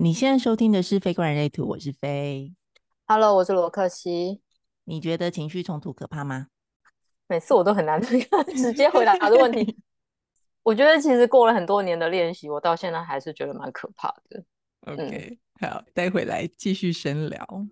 你現在收聽的是《非官人內圖》，我是 Faye，Hello，我是羅克西。你覺得情緒衝突可怕嗎？每次我都很難直接回答他的問題。 我覺得其實過了很多年的練習，我到現在還是覺得蠻可怕的。OK，、嗯、好，待會來繼續深聊。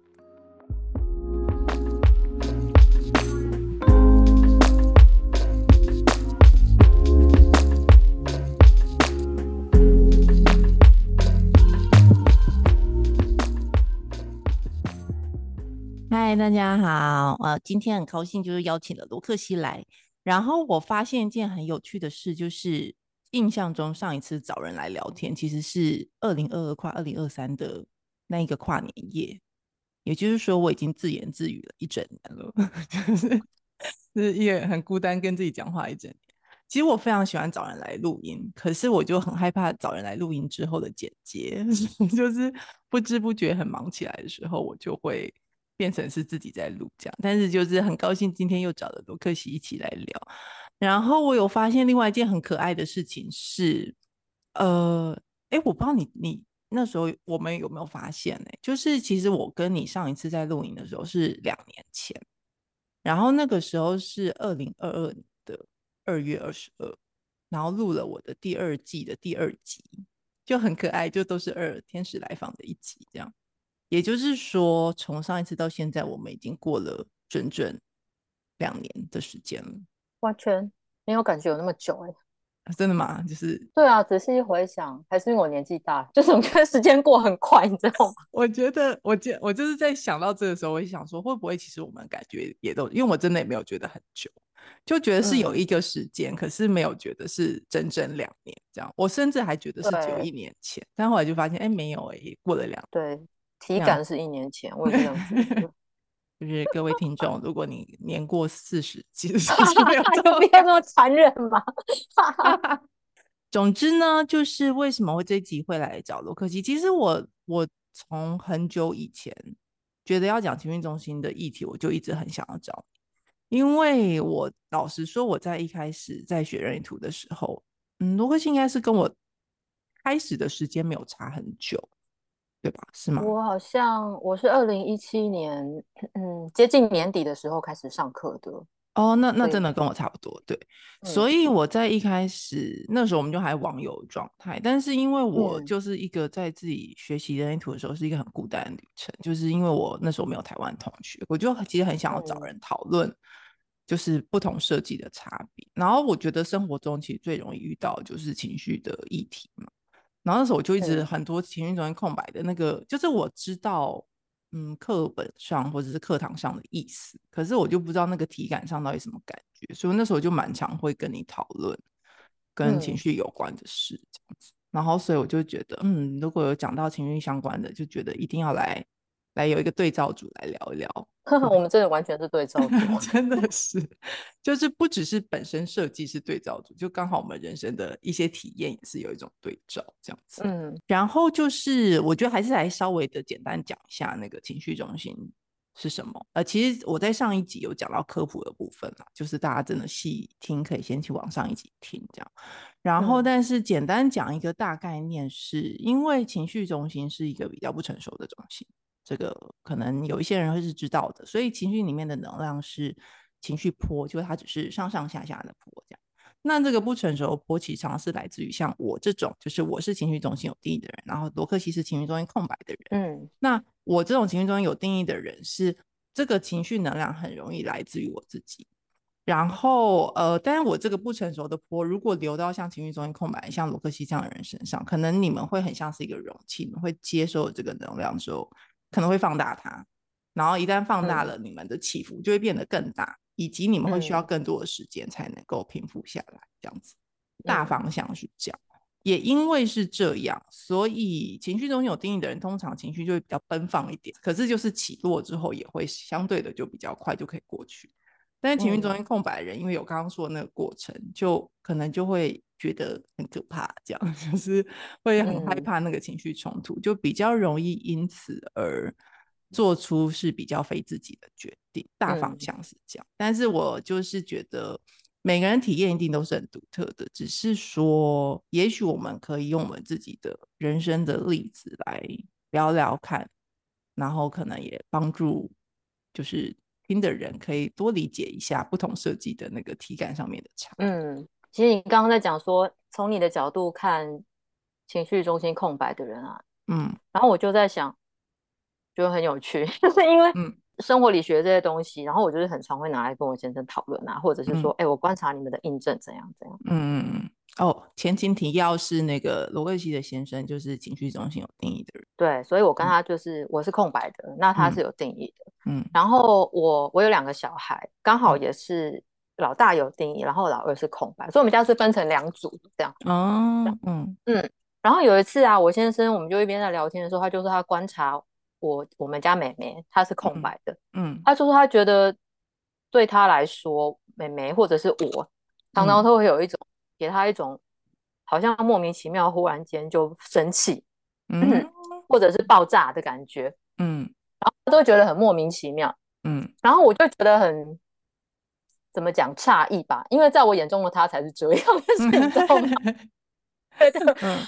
嗨，Hi, 大家好。呃、uh，今天很高興，就是邀請了羅克西來。然後我發現一件很有趣的事，就是印象中上一次找人來聊天，其實是二零二二跨二零二三的那一個跨年夜。也就是說，我已經自言自語了一整年了， 就是是也很孤單，跟自己講話一整年。其實我非常喜歡找人來錄音，可是我就很害怕找人來錄音之後的剪接， 就是不知不覺很忙起來的時候，我就會。變成是自己在錄這樣，但是就是很高興今天又找了羅克西一起來聊。然後我有發現另外一件很可愛的事情是，呃，哎、欸，我不知道你你那時候我們有沒有發現呢、欸？就是其實我跟你上一次在錄影的時候是兩年前，然後那個時候是二零二二年的二月二十二，然後錄了我的第二季的第二集，就很可愛，就都是二天使來訪的一集這樣。也就是說，從上一次到現在，我們已經過了整整兩年的時間了，完全沒有感覺有那麼久哎、欸，啊，真的嗎？就是對啊，只是一回想，還是因為我年紀大，就是我覺得時間過很快，你知道嗎？ 我覺得我我就是在想到這個時候，我就想說，會不會其實我們感覺也都因為我真的也沒有覺得很久，就覺得是有一個時間，嗯、可是沒有覺得是整整兩年這樣，我甚至還覺得是只有一年前，對但後來就發現，哎、欸，沒有哎、欸，過了兩年，對。體感是一年前，啊、我也這樣子。就 是各位聽眾， 如果你年過四十，其實沒有那麼殘忍吧 。總之呢，就是為什麼會這一集會來找羅克西？其實我我從很久以前覺得要講情緒中心的議題，我就一直很想要找因為我老實說，我在一開始在學人類圖的時候，嗯，羅克西應該是跟我開始的時間沒有差很久。對吧？是嗎？我好像我是二零一七年，嗯，接近年底的時候開始上課的。哦、oh，那那真的跟我差不多。對，對對，所以我在一開始那時候我們就還網友狀態，但是因為我就是一個在自己學習人類圖的時候是一個很孤單的旅程，嗯、就是因為我那時候沒有台灣同學，我就其實很想要找人討論，就是不同設計的差別。嗯、然後我覺得生活中其實最容易遇到的就是情緒的議題嘛。然後那時候我就一直很多情緒中心空白的那個，對就是我知道，嗯，課本上或者是課堂上的意思，可是我就不知道那個體感上到底什麼感覺。所以那時候我就蠻常會跟你討論跟情緒有關的事、嗯、這樣子。然後所以我就覺得，嗯，如果有講到情緒相關的，就覺得一定要來來有一個對照組來聊一聊。 我們真的完全是對照組， 真的是，就是不只是本身設計是對照組， 就剛好我們人生的一些體驗也是有一種對照這樣子。嗯，然後就是我覺得還是來稍微的簡單講一下那個情緒中心是什麼。呃，其實我在上一集有講到科普的部分了，就是大家真的細聽可以先去往上一集聽這樣。然後，但是簡單講一個大概念是，是，嗯，因為情緒中心是一個比較不成熟的中心。這個可能有一些人會是知道的，所以情緒裡面的能量是情緒波，就是它只是上上下下的波這樣。那這個不成熟波，其實常是來自於像我這種，就是我是情緒中心有定義的人，然後羅克西是情緒中心空白的人。嗯，那我這種情緒中心有定義的人，是這個情緒能量很容易來自於我自己。然後，呃，當然我這個不成熟的波，如果流到像情緒中心空白、像羅克西這樣的人身上，可能你們會很像是一個容器，你們會接受這個能量之後，可能會放大它，然後一旦放大了，你們的起伏就會變得更大，嗯、以及你們會需要更多的時間才能夠平復下來。這樣子，嗯、大方向是這樣。嗯、也因為是這樣，所以情緒中心有定義的人，通常情緒就會比較奔放一點，可是就是起落之後也會相對的就比較快就可以過去。但情緒中心空白的人，嗯、因為有剛剛說的那個過程，就可能就會覺得很可怕，這樣就是會很害怕那個情緒衝突，嗯、就比較容易因此而做出是比較非自己的決定。大方向是這樣，嗯、但是我就是覺得每個人體驗一定都是很獨特的，只是說，也許我們可以用我們自己的人生的例子來聊聊看，然後可能也幫助，就是。聽的人可以多理解一下不同設計的那個體感上面的差。嗯，其實你剛剛在講說，從你的角度看，情緒中心空白的人啊，嗯，然後我就在想，就很有趣，就是因為生活裡學這些東西，嗯、然後我就是很常會拿來跟我先生討論啊，或者是說，哎、嗯欸，我觀察你們的印證怎樣、嗯、怎樣。嗯嗯嗯。哦，前情提要是那個羅克西的先生，就是情緒中心有定義的人。對，所以我跟他就是，嗯、我是空白的，那他是有定義的。嗯嗯，然後我我有兩個小孩，剛好也是老大有定義，嗯、然後老二是空白，所以我們家是分成兩組這樣。哦，這樣，嗯嗯，然後有一次啊，我先生我們就一邊在聊天的時候，他就說他觀察我我們家妹妹，她是空白的。嗯，嗯他就說他覺得對他來說，妹妹或者是我，常常都會有一種、嗯、給他一種好像莫名其妙忽然間就生氣，嗯，嗯，或者是爆炸的感覺，嗯。然後都會覺得很莫名其妙，嗯，然後我就覺得很怎麼講詫異吧，因為在我眼中的他才是這樣、就是、 的，嗯、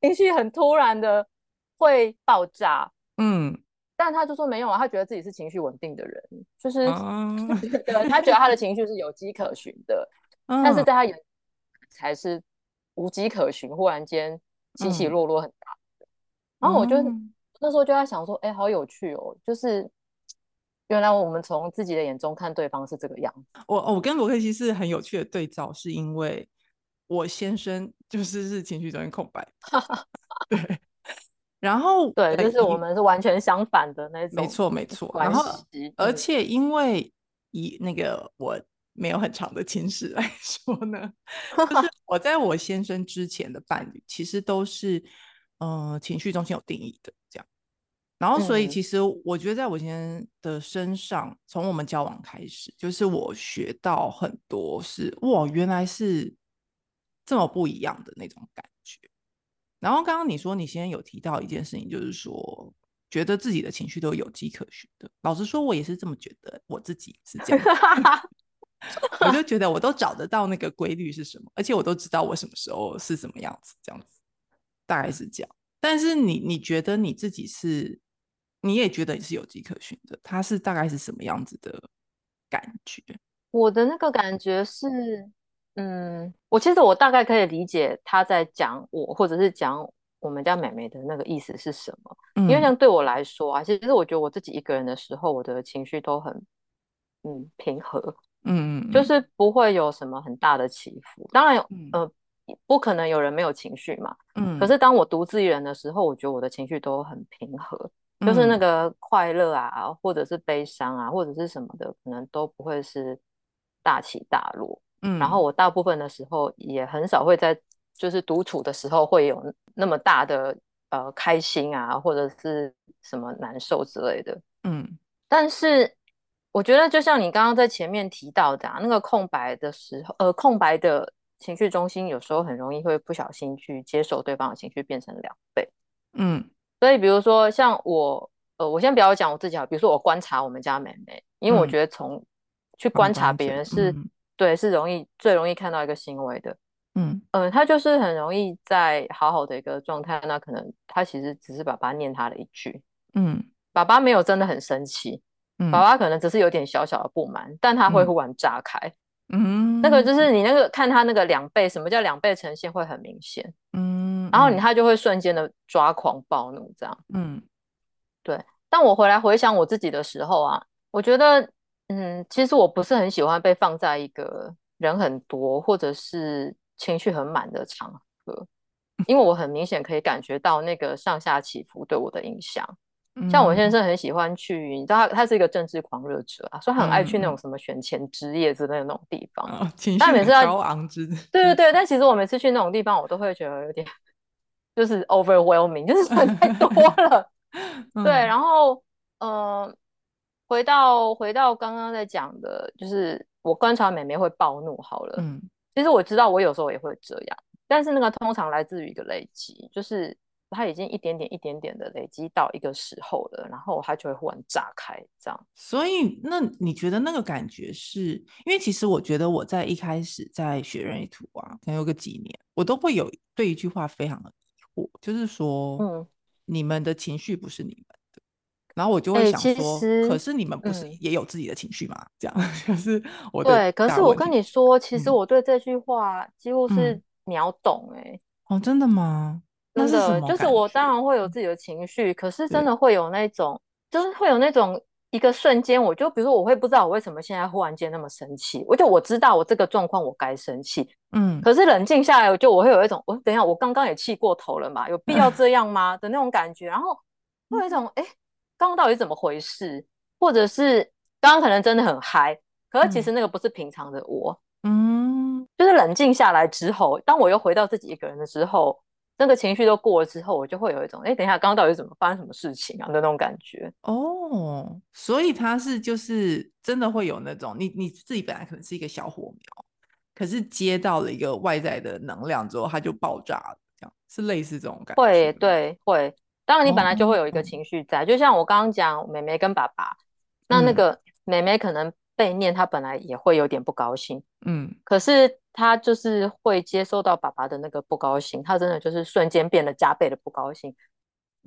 情緒很突然的會爆炸，嗯，但他就說沒有啊，他覺得自己是情緒穩定的人，就是對他覺得他的情緒是有跡可循的，嗯、但是在他眼中才是無跡可循，忽然間起起落落很大的、嗯、然後我就。嗯那時候就在想說，哎、欸，好有趣哦！就是原來我們從自己的眼中看對方是這個樣子。我我跟羅克西是很有趣的對照，是因為我先生就是是情緒中心空白。 對，然後對，就是我們是完全相反的那種沒，沒錯沒錯。關係，然後、嗯、而且因為以那個我沒有很長的情史來說呢， 就是我在我先生之前的伴侶其實都是嗯、 呃、情緒中心有定義的這樣。然後，所以其實我覺得，在我先生的身上，嗯、從我們交往開始，就是我學到很多是哇，原來是這麼不一樣的那種感覺。然後剛剛你說，你先有提到一件事情，就是說覺得自己的情緒都有跡可循的。老實說，我也是這麼覺得，我自己是這樣的， 我就覺得我都找得到那個規律是什麼，而且我都知道我什麼時候是什麼樣子，這樣子大概是這樣。但是你，你覺得你自己是？你也覺得你是有跡可循的，他是大概是什麼樣子的感覺？我的那個感覺是，嗯，我其實我大概可以理解他在講我，或者是講我們家妹妹的那個意思是什麼。嗯、因為像對我來說啊，其實我覺得我自己一個人的時候，我的情緒都很，嗯，平和，嗯嗯，就是不會有什麼很大的起伏。當然，嗯、呃，不可能有人沒有情緒嘛，嗯。可是當我獨自一人的時候，我覺得我的情緒都很平和。就是那個快樂啊，或者是悲傷啊，或者是什麼的，可能都不會是大起大落。嗯，然後我大部分的時候也很少會在就是獨處的時候會有那麼大的呃開心啊，或者是什麼難受之類的。嗯，但是我覺得就像你剛剛在前面提到的啊，那個空白的時候，呃，空白的情緒中心有時候很容易會不小心去接受對方的情緒，變成兩倍。嗯。所以，比如說像我，呃，我先不要講我自己哈。比如說，我觀察我們家妹妹，因為我覺得從去觀察別人是，嗯、對，是容易、嗯、最容易看到一個行為的。嗯嗯，她、呃、就是很容易在好好的一個狀態，那可能她其實只是爸爸念她的一句，嗯，爸爸沒有真的很生氣，嗯，爸爸可能只是有點小小的不滿，但他會忽然炸開。嗯嗯， 那個就是你那個看他那個兩倍， 什麼叫兩倍呈現會很明顯，嗯， 然後你他就會瞬間的抓狂暴怒這樣，嗯， 對。當我回來回想我自己的時候啊，我覺得，嗯，其實我不是很喜歡被放在一個人很多或者是情緒很滿的場合， 因為我很明顯可以感覺到那個上下起伏對我的影響。像我先生很喜歡去，你知道他他是一個政治狂熱者啊，所以很愛去那種什麼選前之夜之類的那種地方，但每次他情緒高昂之類的。對對對，但其實我每次去那種地方，我都會覺得有點就是 overwhelming，就是人太多了。 嗯、對，然後呃，回到回到剛剛在講的，就是我觀察妹妹會暴怒好了，嗯，其實我知道我有時候也會這樣，但是那個通常來自於一個累積，就是。它已經一點點、一點點的累積到一個時候了，然後它就會忽然炸開，這樣。所以，那你覺得那個感覺是？因為其實我覺得我在一開始在學人類圖啊，可能有個幾年，我都會有對一句話非常的疑惑，就是說，嗯，你們的情緒不是你們的，然後我就會想說，欸、可是你們不是也有自己的情緒嗎？嗯、這樣，可、就是我對，可是我跟你說，其實我對這句話幾乎是秒懂、欸。哎、嗯嗯，哦，真的嗎？那個就是我當然會有自己的情緒，嗯、可是真的會有那種，對就是會有那種一個瞬間，我就比如說我會不知道我為什麼現在忽然間那麼生氣，我就我知道我這個狀況我該生氣，嗯，可是冷靜下來，我就我會有一種，我等一下我剛剛也氣過頭了嘛，有必要這樣嗎、嗯、的那種感覺，然後會有一種，哎、欸，剛剛到底怎麼回事，或者是剛剛可能真的很嗨，可是其實那個不是平常的我，嗯，嗯就是冷靜下來之後，當我又回到自己一個人的時候。那個情緒都過了之後，我就會有一種，哎、欸，等一下，剛剛到底怎麼發生什麼事情啊，那種感覺。哦，oh, 所以他是就是真的會有那種，你你自己本來可能是一個小火苗，可是接到了一個外在的能量之後，它就爆炸了，這樣是類似這種感覺？會，對，會。當然，你本來就會有一個情緒在，oh. 就像我剛剛講，妹妹跟爸爸，那那個妹妹可能。被念他本來也會有點不高興，嗯，可是他就是會接收到爸爸的那個不高興，他真的就是瞬間變得加倍的不高興，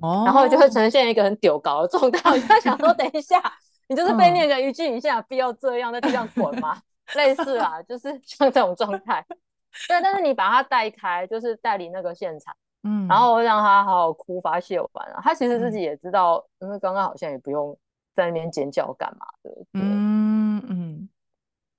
哦、然後就會呈現一個很丟高的狀態。他 想說，等一下，你就是被念個一句下，你現在有必要這樣在地上滾嗎？ 類似啊，就是像這種狀態。 對，但是你把他帶開，就是帶離那個現場，嗯，然後讓他好好哭发泄完了，他其實自己也知道，嗯、因為剛剛好像也不用在那邊尖叫幹嘛，對不對，嗯。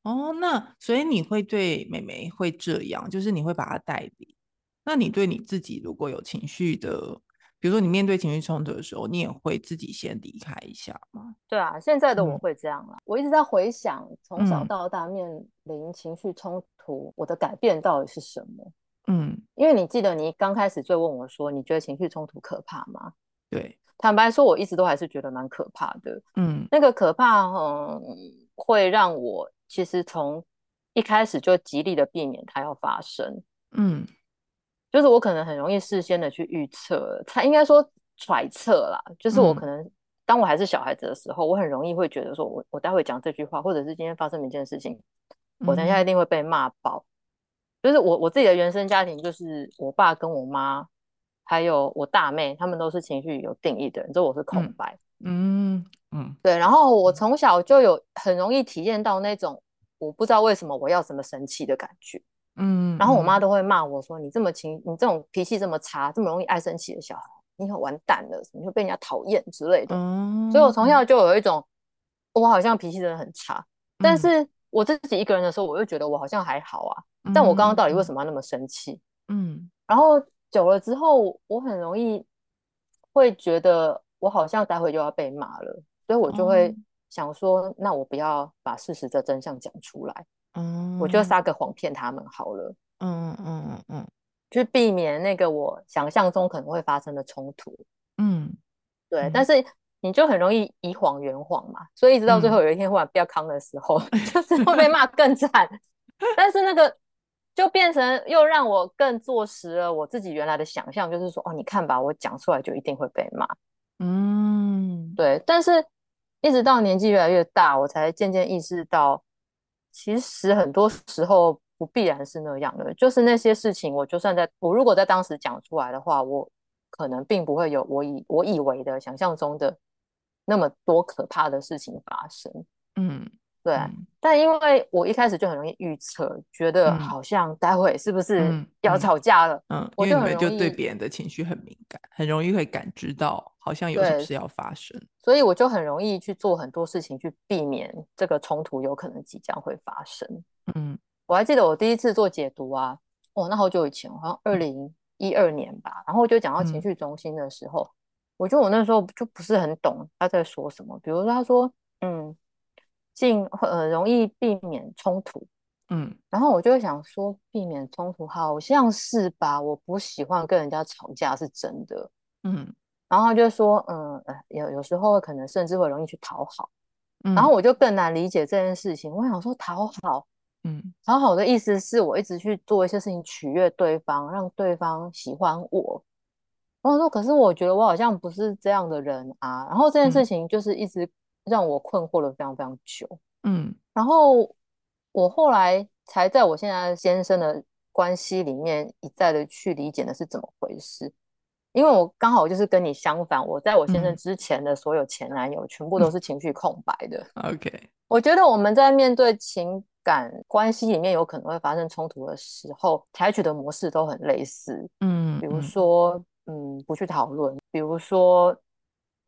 哦，oh, 那所以你會對妹妹會這樣，就是你會把她帶離。那你對你自己如果有情緒的，比如說你面對情緒衝突的時候，你也會自己先離開一下嗎？對啊，現在的我會這樣了。嗯、我一直在回想從小到大面臨情緒衝突，嗯、我的改變到底是什麼？嗯，因為你記得你剛開始就問我說，你覺得情緒衝突可怕嗎？對，坦白說，我一直都還是覺得蠻可怕的。嗯，那個可怕嗯，會讓我。其實從一開始就極力的避免它要發生，嗯，就是我可能很容易事先的去預測，它應該說揣測啦，就是我可能當我還是小孩子的時候，嗯、我很容易會覺得說，我我待會講這句話，或者是今天發生一件事情，嗯、我等一下一定會被罵爆。就是我我自己的原生家庭，就是我爸跟我媽，還有我大妹，他們都是情緒有定義的人，這我是空白，嗯，嗯。嗯，對，然後我從小就有很容易體驗到那種我不知道為什麼我要這麼生氣的感覺，嗯，嗯，然後我媽都會罵我說：“你這麼情，你這種脾氣這麼差，這麼容易愛生氣的小孩，你很完蛋了，你會被人家討厭之類的。嗯”所以我從小就有一種我好像脾氣真的很差，嗯、但是我自己一個人的時候，我又覺得我好像還好啊。嗯、但我剛剛到底為什麼要那麼生氣？嗯，嗯，然後久了之後，我很容易會覺得我好像待會就要被罵了。所以，我就會想說，um, 那我不要把事實的真相講出來，嗯，um, 我就撒個謊騙他們好了，嗯嗯嗯嗯，去避免那個我想象中可能會發生的衝突，嗯，um, 對。Um, 但是你就很容易以謊圓謊嘛，所以一直到最後有一天忽然比較扛的時候，um, 就是會被罵更慘。 但是那個就變成又讓我更坐實了我自己原來的想象，就是說，哦，你看吧，我講出來就一定會被罵，嗯，um, 對。但是。一直到年紀越來越大，我才漸漸意識到，其實很多時候不必然是那樣的。就是那些事情，我就算在我如果在當時講出來的話，我可能並不會有我以我以為的想象中的那麼多可怕的事情發生。嗯。對，但因為我一開始就很容易預測，覺得好像待會是不是要吵架了？嗯，我就很、嗯嗯、因為你們就對別人的情緒很敏感，很容易會感知到好像有些事要發生，所以我就很容易去做很多事情去避免這個衝突有可能即將會發生。嗯，我還記得我第一次做解讀啊，哦，那好久以前，好像二零一二年吧。然後就講到情緒中心的時候，嗯、我覺得我那時候就不是很懂他在說什麼，比如說他說，嗯。進呃容易避免衝突，嗯，然後我就會想說，避免衝突好像是吧，我不喜歡跟人家吵架是真的，嗯，然後就說嗯、呃、有有時候可能甚至會容易去討好，嗯、然後我就更難理解這件事情。我想說，討好，嗯，討好的意思是我一直去做一些事情取悅對方，讓對方喜歡我。我想說，可是我覺得我好像不是這樣的人啊，然後這件事情就是一直、嗯。讓我困惑了非常非常久，嗯，然後我後來才在我現在先生的關係裡面一再的去理解的，是怎麼回事，因為我剛好就是跟你相反，我在我先生之前的所有前男友全部都是情緒空白的。嗯嗯、OK，我覺得我們在面對情感關係裡面有可能會發生衝突的時候，採、嗯、取的模式都很類似，嗯，比如說，嗯，不去討論，比如說。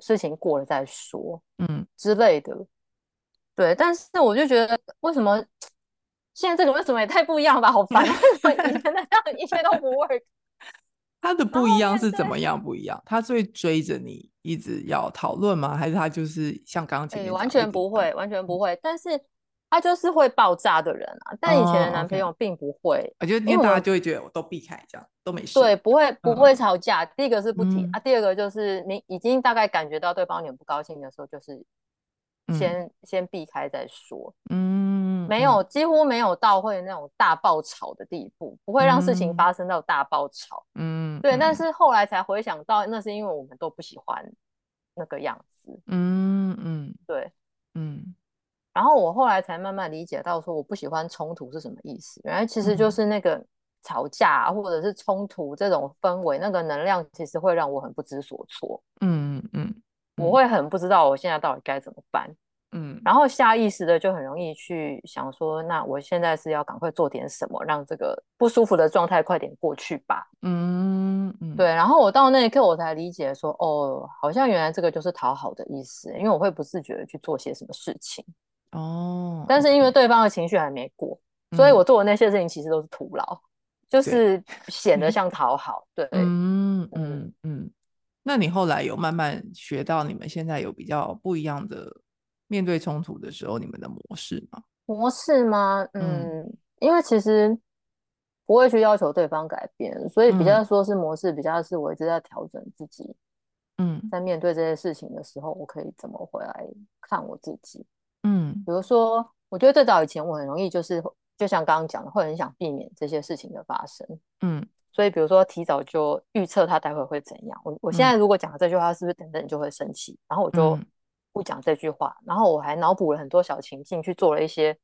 事情過了再說，嗯之類的，嗯、對。但是我就覺得，為什麼現在這個為什麼也太不一樣了吧？好煩，一切都不 work。他的不一樣是怎麼樣不一樣？ 他是會追着你一直要討論嗎？還是他就是像剛剛講，完全不會，完全不會。但是。他就是會爆炸的人啊，但以前的男朋友並不會，我覺得大家就會覺得我都避開，這樣都沒事。對，不會不會吵架。第一個是不提啊，第二個就是你已經大概感覺到對方很不高興的時候，就是先先避開再說。嗯，沒有，幾乎沒有到會那種大爆吵的地步，不會讓事情發生到大爆吵。嗯，對。但是後來才回想到，那是因為我們都不喜歡那個樣子。嗯嗯，對，嗯。然後我後來才慢慢理解到，說我不喜歡衝突是什麼意思。原來其實就是那個吵架或者是衝突這種氛圍，那個能量其實會讓我很不知所措。嗯嗯嗯，我會很不知道我現在到底該怎麼辦。嗯，然後下意識的就很容易去想說，那我現在是要趕快做點什麼，讓這個不舒服的狀態快點過去吧。嗯嗯，對。然後我到那一刻我才理解說，哦，好像原來這個就是討好的意思，因為我會不自覺的去做些什麼事情。哦，oh, okay. 但是因為對方的情緒還沒過，嗯、所以我做的那些事情其實都是徒勞，嗯、就是顯得像討好，好。嗯、對，嗯嗯嗯。嗯那你後來有慢慢學到你們現在有比較不一樣的面對衝突的時候，你們的模式嗎？模式嗎？嗯，嗯因為其實不會去要求對方改變，所以比較說是模式，比較是我一直在調整自己。嗯，在面對這些事情的時候，我可以怎麼回來看我自己？嗯，比如說，我覺得最早以前我很容易就是，就像剛剛講的，會很想避免這些事情的發生。嗯，所以比如說，提早就預測他待會會怎樣。我我現在如果講了這句話，嗯、是不是等等你就會生氣？然後我就不講這句話，嗯、然後我還腦補了很多小情境，去做了一些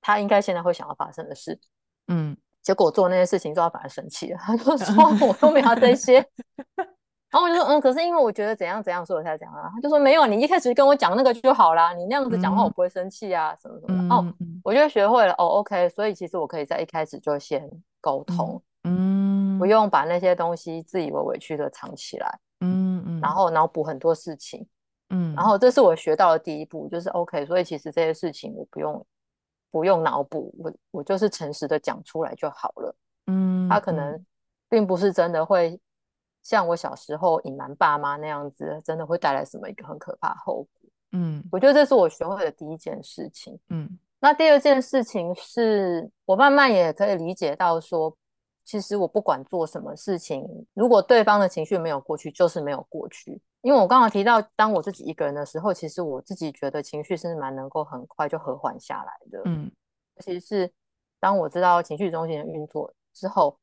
他應該現在會想要發生的事。嗯，結果做那些事情，都要反而生氣了。他就說我都沒有這些。 然後我就說，嗯，可是因為我覺得怎樣怎樣說，所以我才講啊。他就說沒有，你一開始跟我講那個就好啦，你那樣子講話、嗯、我不會生氣啊，什麼什麼的。嗯、哦，我就學會了哦，OK。所以其實我可以在一開始就先溝通，嗯，不用把那些東西自以為委屈的藏起來，嗯嗯。嗯，然後腦補很多事情，嗯。然後這是我學到的第一步，就是 OK。所以其實這些事情我不用不用腦補，我我就是誠實的講出來就好了，嗯。他可能並不是真的會。像我小時候隱瞞爸媽那樣子，真的會帶來什麼一個很可怕後果？嗯，我覺得這是我學會的第一件事情。嗯，那第二件事情是我慢慢也可以理解到說，其實我不管做什麼事情，如果對方的情緒沒有過去，就是沒有過去。因為我剛剛提到，當我自己一個人的時候，其實我自己覺得情緒是蠻能夠很快就和緩下來的。嗯，尤其是當我知道情緒中心的運作之後，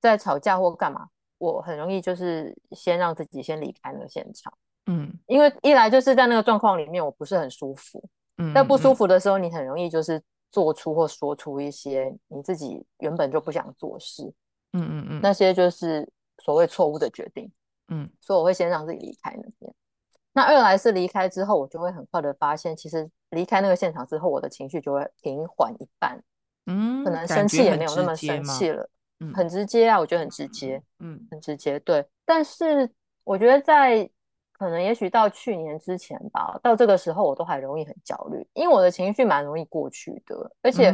在吵架或幹嘛。我很容易就是先讓自己先離開那個現場，嗯，因為一來就是在那個狀況裡面我不是很舒服，嗯，在不舒服的時候你很容易就是做出或說出一些你自己原本就不想做事，嗯嗯嗯，嗯嗯，那些就是所謂錯誤的決定，嗯，所以我會先讓自己離開那邊。嗯、那二來是離開之後，我就會很快的發現，其實離開那個現場之後，我的情緒就會平緩一半，嗯，可能生氣也沒有那麼生氣了。很直接啊，我覺得很直接，嗯，很直接。對，但是我覺得在可能也許到去年之前吧，到這個時候我都還容易很焦慮，因為我的情緒蠻容易過去的，而且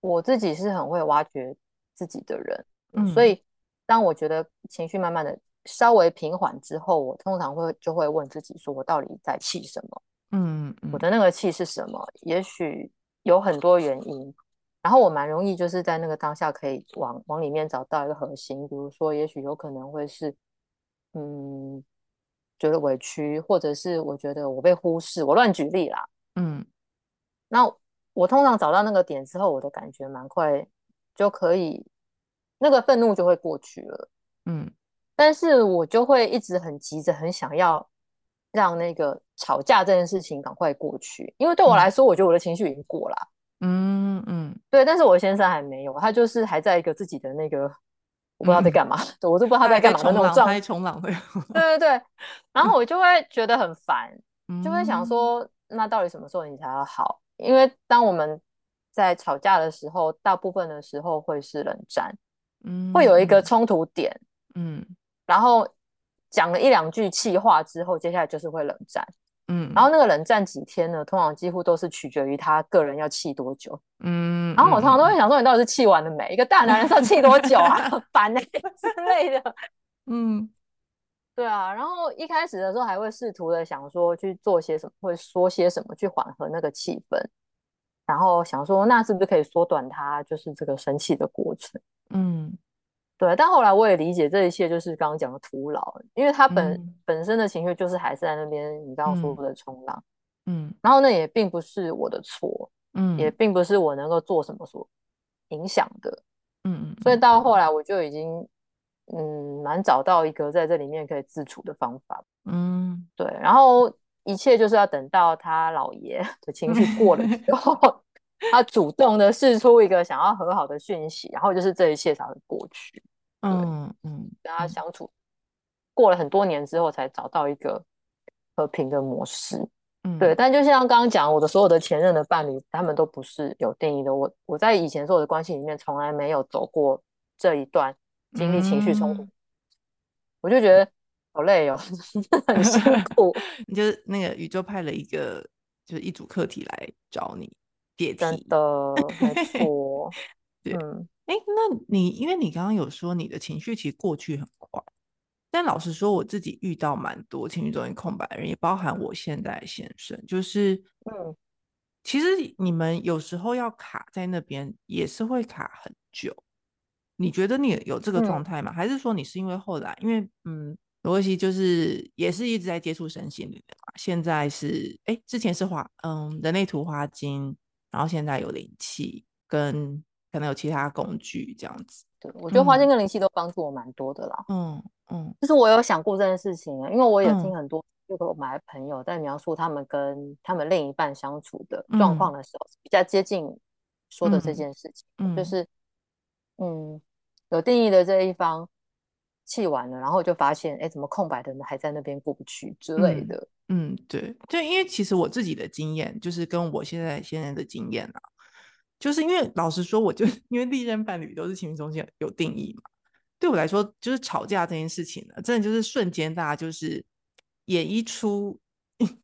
我自己是很會挖掘自己的人，嗯，所以當我覺得情緒慢慢的稍微平緩之後，我通常會就會問自己說，我到底在氣什麼？嗯，嗯，我的那個氣是什麼？也許有很多原因。然後我蠻容易，就是在那個當下可以往往裡面找到一個核心，比如說，也許有可能會是，嗯，覺得委屈，或者是我覺得我被忽視，我亂舉例啦，嗯。那我通常找到那個點之後，我的感覺蠻快就可以，那個憤怒就會過去了，嗯。但是我就會一直很急着，很想要讓那個吵架這件事情趕快過去，因為對我來說，嗯、我覺得我的情緒已經過了。嗯嗯，嗯對，但是我先生還沒有，他就是還在一個自己的那個，嗯、我不知道在幹嘛，我都不知道他在幹嘛的狀態。衝浪，對對對，然後我就會覺得很煩，嗯、就會想說，那到底什麼時候你才要好？嗯、因為當我們在吵架的時候，大部分的時候會是冷戰，嗯，會有一個衝突點，嗯，然後講了一兩句氣話之後，接下來就是會冷戰。然後那個冷戰幾天呢？通常幾乎都是取決於他個人要氣多久。嗯，然後我通常都會想說，你到底是氣完了沒？嗯、一個大男人要氣多久啊？煩呢之類的。嗯，對啊。然後一開始的時候還會試圖的想說去做些什麼，會說些什麼去緩和那個氣氛，然後想說那是不是可以縮短他就是這個生氣的過程？嗯。對，但後來我也理解這一切就是剛剛講的徒勞，因為他本、嗯、本身的情緒就是還是在那邊，你剛剛說的衝浪，嗯，嗯，然後那也並不是我的錯，嗯，也並不是我能夠做什麼所影響的，嗯嗯，所以到後來我就已經嗯，蠻找到一個在這裡面可以自處的方法，嗯，對，然後一切就是要等到他老爺的情緒過了之後，嗯。 他主動的釋出一個想要和好的訊息，然後就是這一切才會過去。嗯嗯，嗯跟他相處過了很多年之後，才找到一個和平的模式。嗯，對。但就像剛剛講，我的所有的前任的伴侶，他們都不是有定義的。我我在以前所有的關係裡面，從來沒有走過這一段經歷情緒衝突，嗯、我就覺得好累哦， 很辛苦。 你就是那個宇宙派了一個，就是一組課題來找你。別別提真的， 沒錯錯， 對，哎、嗯欸，那你因為你剛剛有說你的情緒其實過去很快，但老實說，我自己遇到蠻多情緒中心空白的人，也包含我現在的先生，就是，嗯、其實你們有時候要卡在那邊也是會卡很久。你覺得你有這個狀態嗎？嗯、還是說你是因為後來，因為嗯，羅克西就是也是一直在接觸神性裡面，現在是哎、欸，之前是花，嗯，人類圖花精。然後現在有靈氣，跟可能有其他工具這樣子。對，嗯、我覺得花精跟靈氣都幫助我蠻多的啦。嗯嗯，就、嗯、是我有想過這件事情啊，因為我也聽很多就跟我買朋友在描述他們跟他們另一半相處的狀況的時候，嗯、比較接近說的這件事情，嗯、就是嗯，嗯，有定義的這一方。氣完了，然後就發現，哎，怎麼空白的人還在那邊過不去之類的嗯。嗯，對，就因為其實我自己的經驗，就是跟我現在現在的經驗啊，就是因為老實說，我就是、因為歷任伴侶都是情緒中心有定義嘛。對我來說，就是吵架這件事情呢、啊，真的就是瞬間大家就是演一出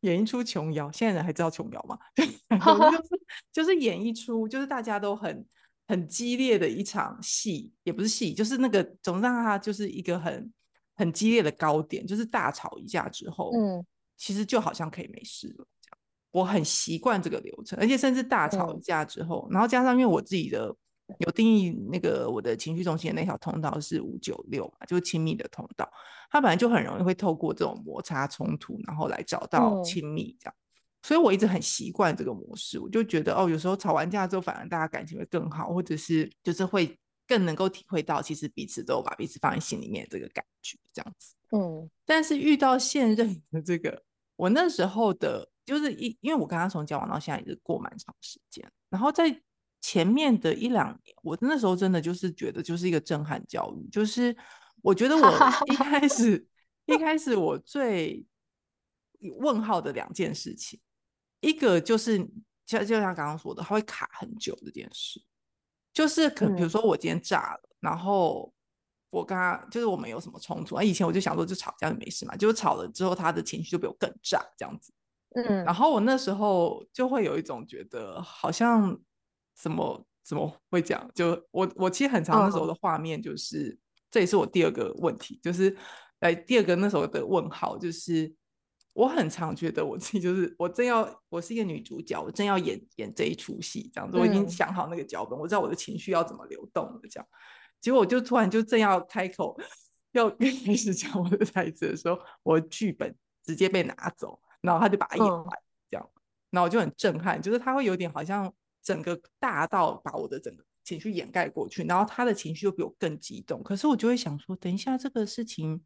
演一出瓊瑤，現在人還知道瓊瑤嗎？對 就是就是演一出，就是大家都很。很激烈的一場戲，也不是戲，就是那個總讓他就是一個很很激烈的高點，就是大吵一架之後，嗯，其實就好像可以沒事了這樣。我很習慣這個流程，而且甚至大吵一架之後，嗯，然後加上因為我自己的有定義，那個我的情緒中心的那條通道，是五九六嘛，就是親密的通道，他本來就很容易會透過這種摩擦衝突，然後來找到親密這樣。嗯所以我一直很習慣這個模式，我就覺得哦，有時候吵完架之後，反而大家感情會更好，或者是就是會更能夠體會到，其實彼此都有把彼此放在心裡面的這個感覺，這樣子。嗯。但是遇到現任的這個，我那時候的，就是一因為我跟他從交往到現在已經過蠻長時間，然後在前面的一兩年，我那時候真的就是覺得就是一個震撼教育，就是我覺得我一開始 一開始我最問號的兩件事情。一個就是，就就像剛剛說的，他會卡很久這件事，就是可能比如說我今天炸了，嗯、然後我跟他就是我們有什麼衝突，而、啊、以前我就想說就吵架就沒事嘛，結果吵了之後他的情緒就比我更炸這樣子，嗯，然後我那時候就會有一種覺得好像怎麼怎麼會這樣，就我我其實很長那時候的畫面就是，嗯、好這也是我第二個問題，就是哎第二個那時候的問號就是。我很常覺得我自己就是，我正要，我是一個女主角，我正要演演這一齣戲，這樣子，我已經想好那個腳本，我知道我的情緒要怎麼流動了。這樣。結果我就突然就正要開口要開始講我的台詞的時候，我的劇本直接被拿走，然後他就把它演完，這樣。嗯、然後我就很震撼，就是他會有點好像整個大到把我的整個情緒掩蓋過去，然後他的情緒又比我更激動，可是我就會想說，等一下這個事情。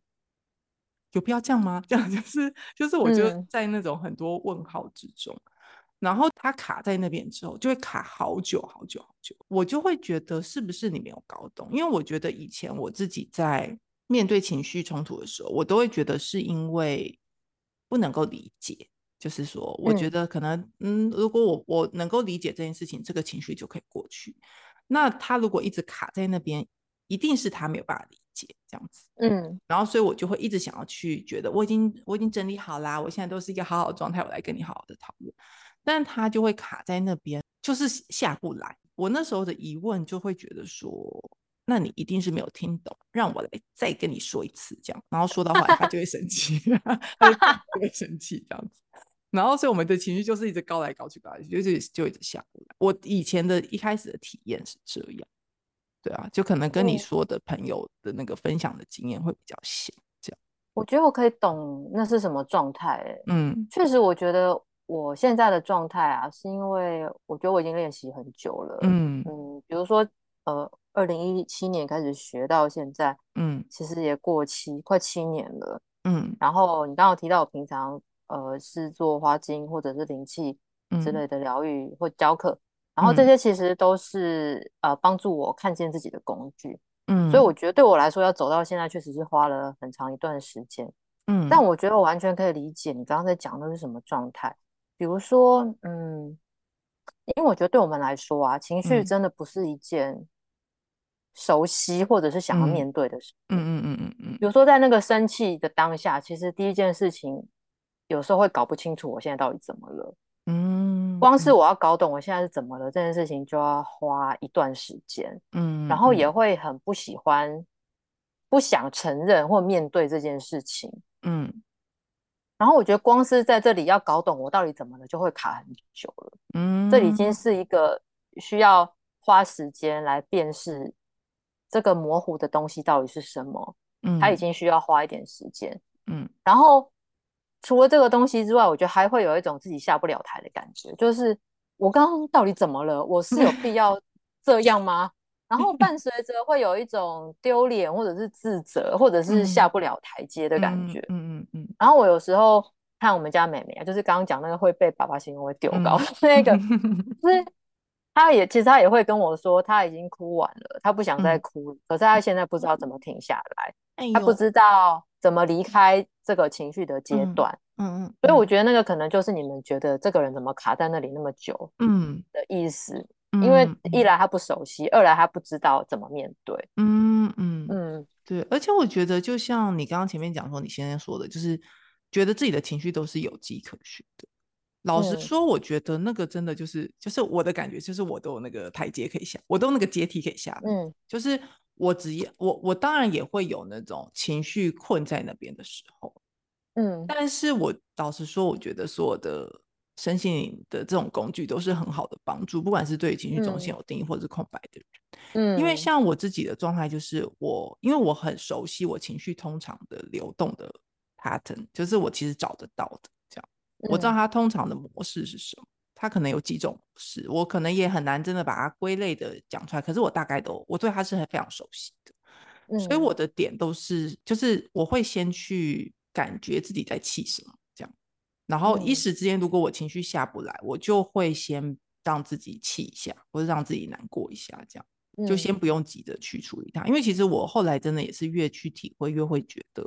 有必要這樣嗎？這樣就是就是，我覺得在那種很多問號之中，嗯，然後他卡在那邊之後，就會卡好久好久好久。我就會覺得是不是你沒有搞懂？因為我覺得以前我自己在面對情緒衝突的時候，我都會覺得是因為不能夠理解。就是說，我覺得可能，嗯，嗯，如果我我能夠理解這件事情，這個情緒就可以過去。那他如果一直卡在那邊，一定是他沒有辦法理。這樣子，嗯，然後所以我就會一直想要去覺得我已經我已經整理好啦，我現在都是一個好好的狀態，我來跟你好好的討論。但他就會卡在那邊，就是下不來。我那時候的疑問就會覺得說，那你一定是沒有聽懂，讓我來再跟你說一次這樣。然後說到後來他就會生氣， 他就會生氣這樣子。然後所以我們的情緒就是一直高來高去，高來去就是就，就一直下不來。我以前的一開始的體驗是這樣。對啊，就可能跟你說的朋友的那個分享的經驗會比較小，這樣。我覺得我可以懂那是什麼狀態，嗯，確實，我覺得我現在的狀態啊，是因為我覺得我已經練習很久了，嗯嗯，比如說呃，二零一七年開始學到現在，嗯，其實也過七，嗯、快七年了，嗯，然後你剛剛有提到我平常呃是做花精或者是靈氣之類的療癒、嗯、或教課。然後這些其實都是、嗯、呃幫助我看見自己的工具，嗯，所以我覺得對我來說要走到現在確實是花了很長一段時間，嗯，但我覺得我完全可以理解你剛剛在講的是什麼狀態，比如說，嗯，因為我覺得對我們來說啊，情緒真的不是一件熟悉或者是想要面對的事，嗯嗯嗯嗯嗯，比如說在那個生氣的當下，其實第一件事情有時候會搞不清楚我現在到底怎麼了。嗯，光是我要搞懂我現在是怎麼了這件事情，就要花一段時間。嗯，然後也會很不喜歡、嗯、不想承認或面對這件事情。嗯，然後我覺得光是在這裡要搞懂我到底怎麼了，就會卡很久了。嗯，這已經是一個需要花時間來辨識這個模糊的東西到底是什麼。嗯、它已經需要花一點時間。嗯，然後。除了這個東西之外，我覺得還會有一種自己下不了台的感覺，就是我剛剛到底怎麼了？我是有必要這樣嗎？ 然後伴隨着會有一種丟臉，或者是自責，或者是下不了台階的感覺。嗯嗯嗯。嗯嗯嗯嗯，然後我有時候看我們家妹妹，啊，就是剛剛講那個會被爸爸形容為丟高那個，嗯、就是她也其實她也會跟我說，她已經哭完了，她不想再哭了，嗯、可是她現在不知道怎麼停下來，她、哎、呦不知道。怎麼離開這個情緒的階段？嗯嗯，嗯所以我覺得那個可能就是你們覺得這個人怎麼卡在那裡那麼久？嗯的意思，嗯、因為一來他不熟悉，嗯、二來他不知道怎麼面對。嗯嗯嗯，嗯嗯對。而且我覺得，就像你剛剛前面講說，你先生說的，就是覺得自己的情緒都是有跡可循的。老實說，我覺得那個真的就是，嗯、就是我的感覺，就是我都有那個台階可以下，我都有那個階梯可以下。嗯，就是。我只要我我當然也會有那種情緒困在那邊的時候，嗯，但是我老實說，我覺得所有的身心靈的這種工具都是很好的幫助，不管是對情緒中心有定義或者是空白的人，嗯，因為像我自己的狀態就是我，因為我很熟悉我情緒通常的流動的 pattern，就是我其實找得到的，這樣，我知道它通常的模式是什麼。他可能有幾種事，我可能也很難真的把它歸類的講出來。可是我大概都，我對他是很非常熟悉的，嗯、所以我的點都是，就是我會先去感覺自己在氣什麼，這樣。然後一時之間，如果我情緒下不來，嗯、我就會先讓自己氣一下，或者讓自己難過一下，這樣就先不用急着去處理它。嗯、因為其實我後來真的也是越去體會，越會覺得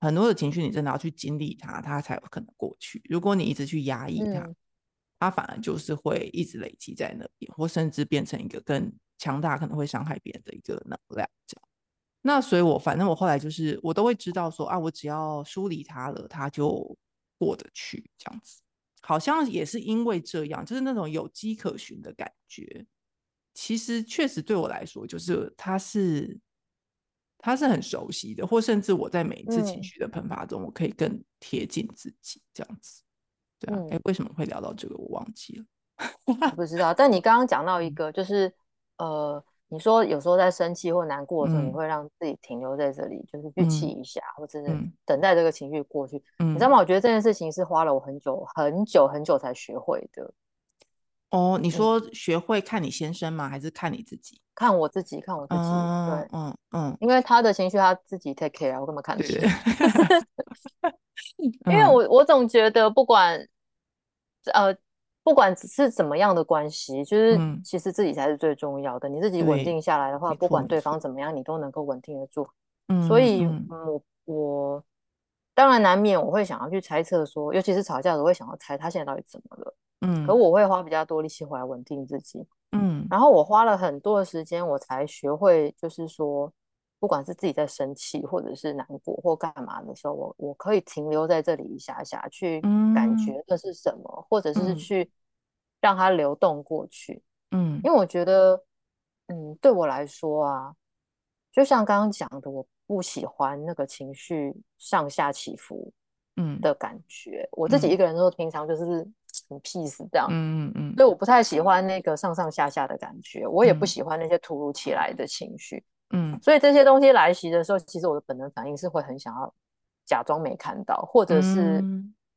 很多的情緒，你真的要去經歷它，它才有可能過去。如果你一直去壓抑它，嗯它反而就是會一直累積在那邊，或甚至變成一個更強大，可能會傷害別人的一個能量。這樣，那所以我反正我後來就是我都會知道說啊，我只要梳理它了，它就過得去。這樣子，好像也是因為這樣，就是那種有跡可循的感覺。其實確實對我來說，就是它是它是很熟悉的，或甚至我在每一次情緒的噴發中，我可以更貼近自己。嗯、這樣子。對，哎，為什麼會聊到這個？我忘記了，我不知道。但你剛剛講到一個，就是呃，你說有時候在生氣或難過的時候，你會讓自己停留在這裡，就是預期一下，或者是等待這個情緒過去。你知道嗎？我覺得這件事情是花了我很久、很久、很久才學會的。哦，你說學會看你先生嗎？還是看你自己？看我自己，看我自己。對，嗯嗯，因為他的情緒他自己 take care，我根本看因為我我總覺得不管、嗯、呃不管是怎麼樣的關係，就是其實自己才是最重要的。嗯、你自己穩定下來的話，對不管對方怎麼樣，錯你都能夠穩定得住。嗯、所以、嗯、我我當然難免我會想要去猜測說，尤其是吵架時，我會想要猜他現在到底怎麼了。嗯，可我會花比較多力氣回來穩定自己。嗯，然後我花了很多的時間，我才學會就是說。不管是自己在生氣，或者是難過或幹嘛的時候，我我可以停留在這裡一下下，去感覺那是什麼，嗯、或者是去讓它流動過去。嗯，因為我覺得，嗯，對我來說啊，就像剛剛講的，我不喜歡那個情緒上下起伏，嗯的感覺。嗯、我自己一個人都平常就是很 peace 這樣，嗯嗯嗯，嗯嗯所以我不太喜歡那個上上下下的感覺，我也不喜歡那些突如其來的情緒。嗯，所以這些東西來襲的時候，其實我的本能反應是會很想要假裝沒看到，或者是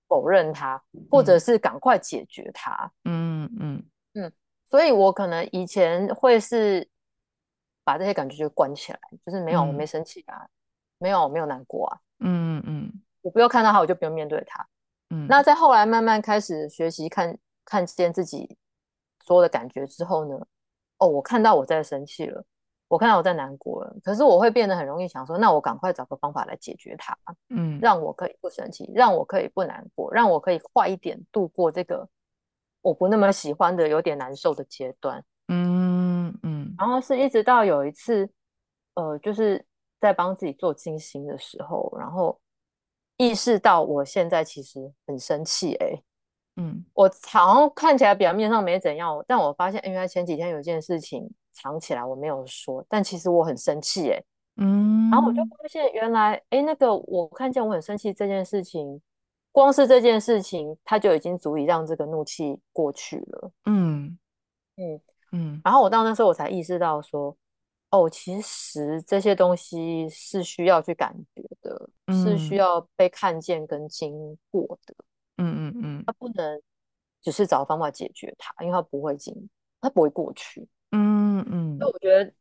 否認它，嗯、或者是趕快解決它。嗯嗯嗯，所以我可能以前會是把這些感覺就關起來，就是沒有、嗯、我沒生氣啊，沒有我沒有難過啊。嗯嗯，嗯我不要看到它，我就不用面對它。嗯，那在後來慢慢開始學習看看見自己所有的感覺之後呢，哦，我看到我在生氣了。我看到我在難過，可是我會變得很容易想說，那我趕快找個方法來解決它，嗯，讓我可以不生氣，讓我可以不難過，讓我可以快一點度過這個我不那麼喜歡的、有點難受的階段，嗯嗯。嗯，然後是一直到有一次，呃，就是在幫自己做精心的時候，然後意識到我現在其實很生氣，欸，哎，嗯，我好像看起來表面上沒怎樣，但我發現，因為前幾天有件事情。藏起來，我沒有說，但其實我很生氣、欸，哎、嗯，然後我就發現原來，哎、欸，那個我看見我很生氣這件事情，光是這件事情，它就已經足以讓這個怒氣過去了，嗯嗯嗯。然後我到那時候我才意識到說，嗯、哦，其實這些東西是需要去感覺的，嗯、是需要被看見跟經過的，嗯嗯嗯。它、嗯嗯、不能只是找方法解決它，因為它不會經，它不會過去。嗯嗯，那、嗯、我覺得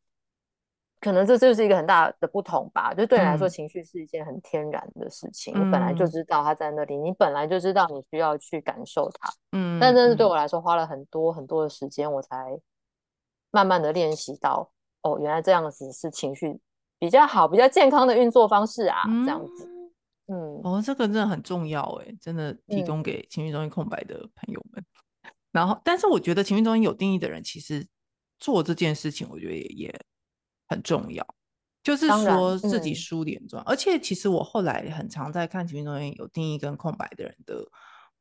可能這就是一個很大的不同吧。就對你來說，情緒是一件很天然的事情，嗯、我本來就知道他在那裡，嗯、你本來就知道你需要去感受它。嗯。但真的是對我來說，花了很多很多的時間，我才慢慢的練習到，嗯、哦，原來這樣子是情緒比較好、比較健康的運作方式啊。嗯、這樣子，嗯，哦，這個真的很重要，哎，真的提供給情緒中心空白的朋友們。嗯、然後，但是我覺得情緒中心有定義的人，其實。做這件事情，我覺得也，也很重要，就是說自己梳理狀況。而且，其實我後來很常在看情緒中有定義跟空白的人的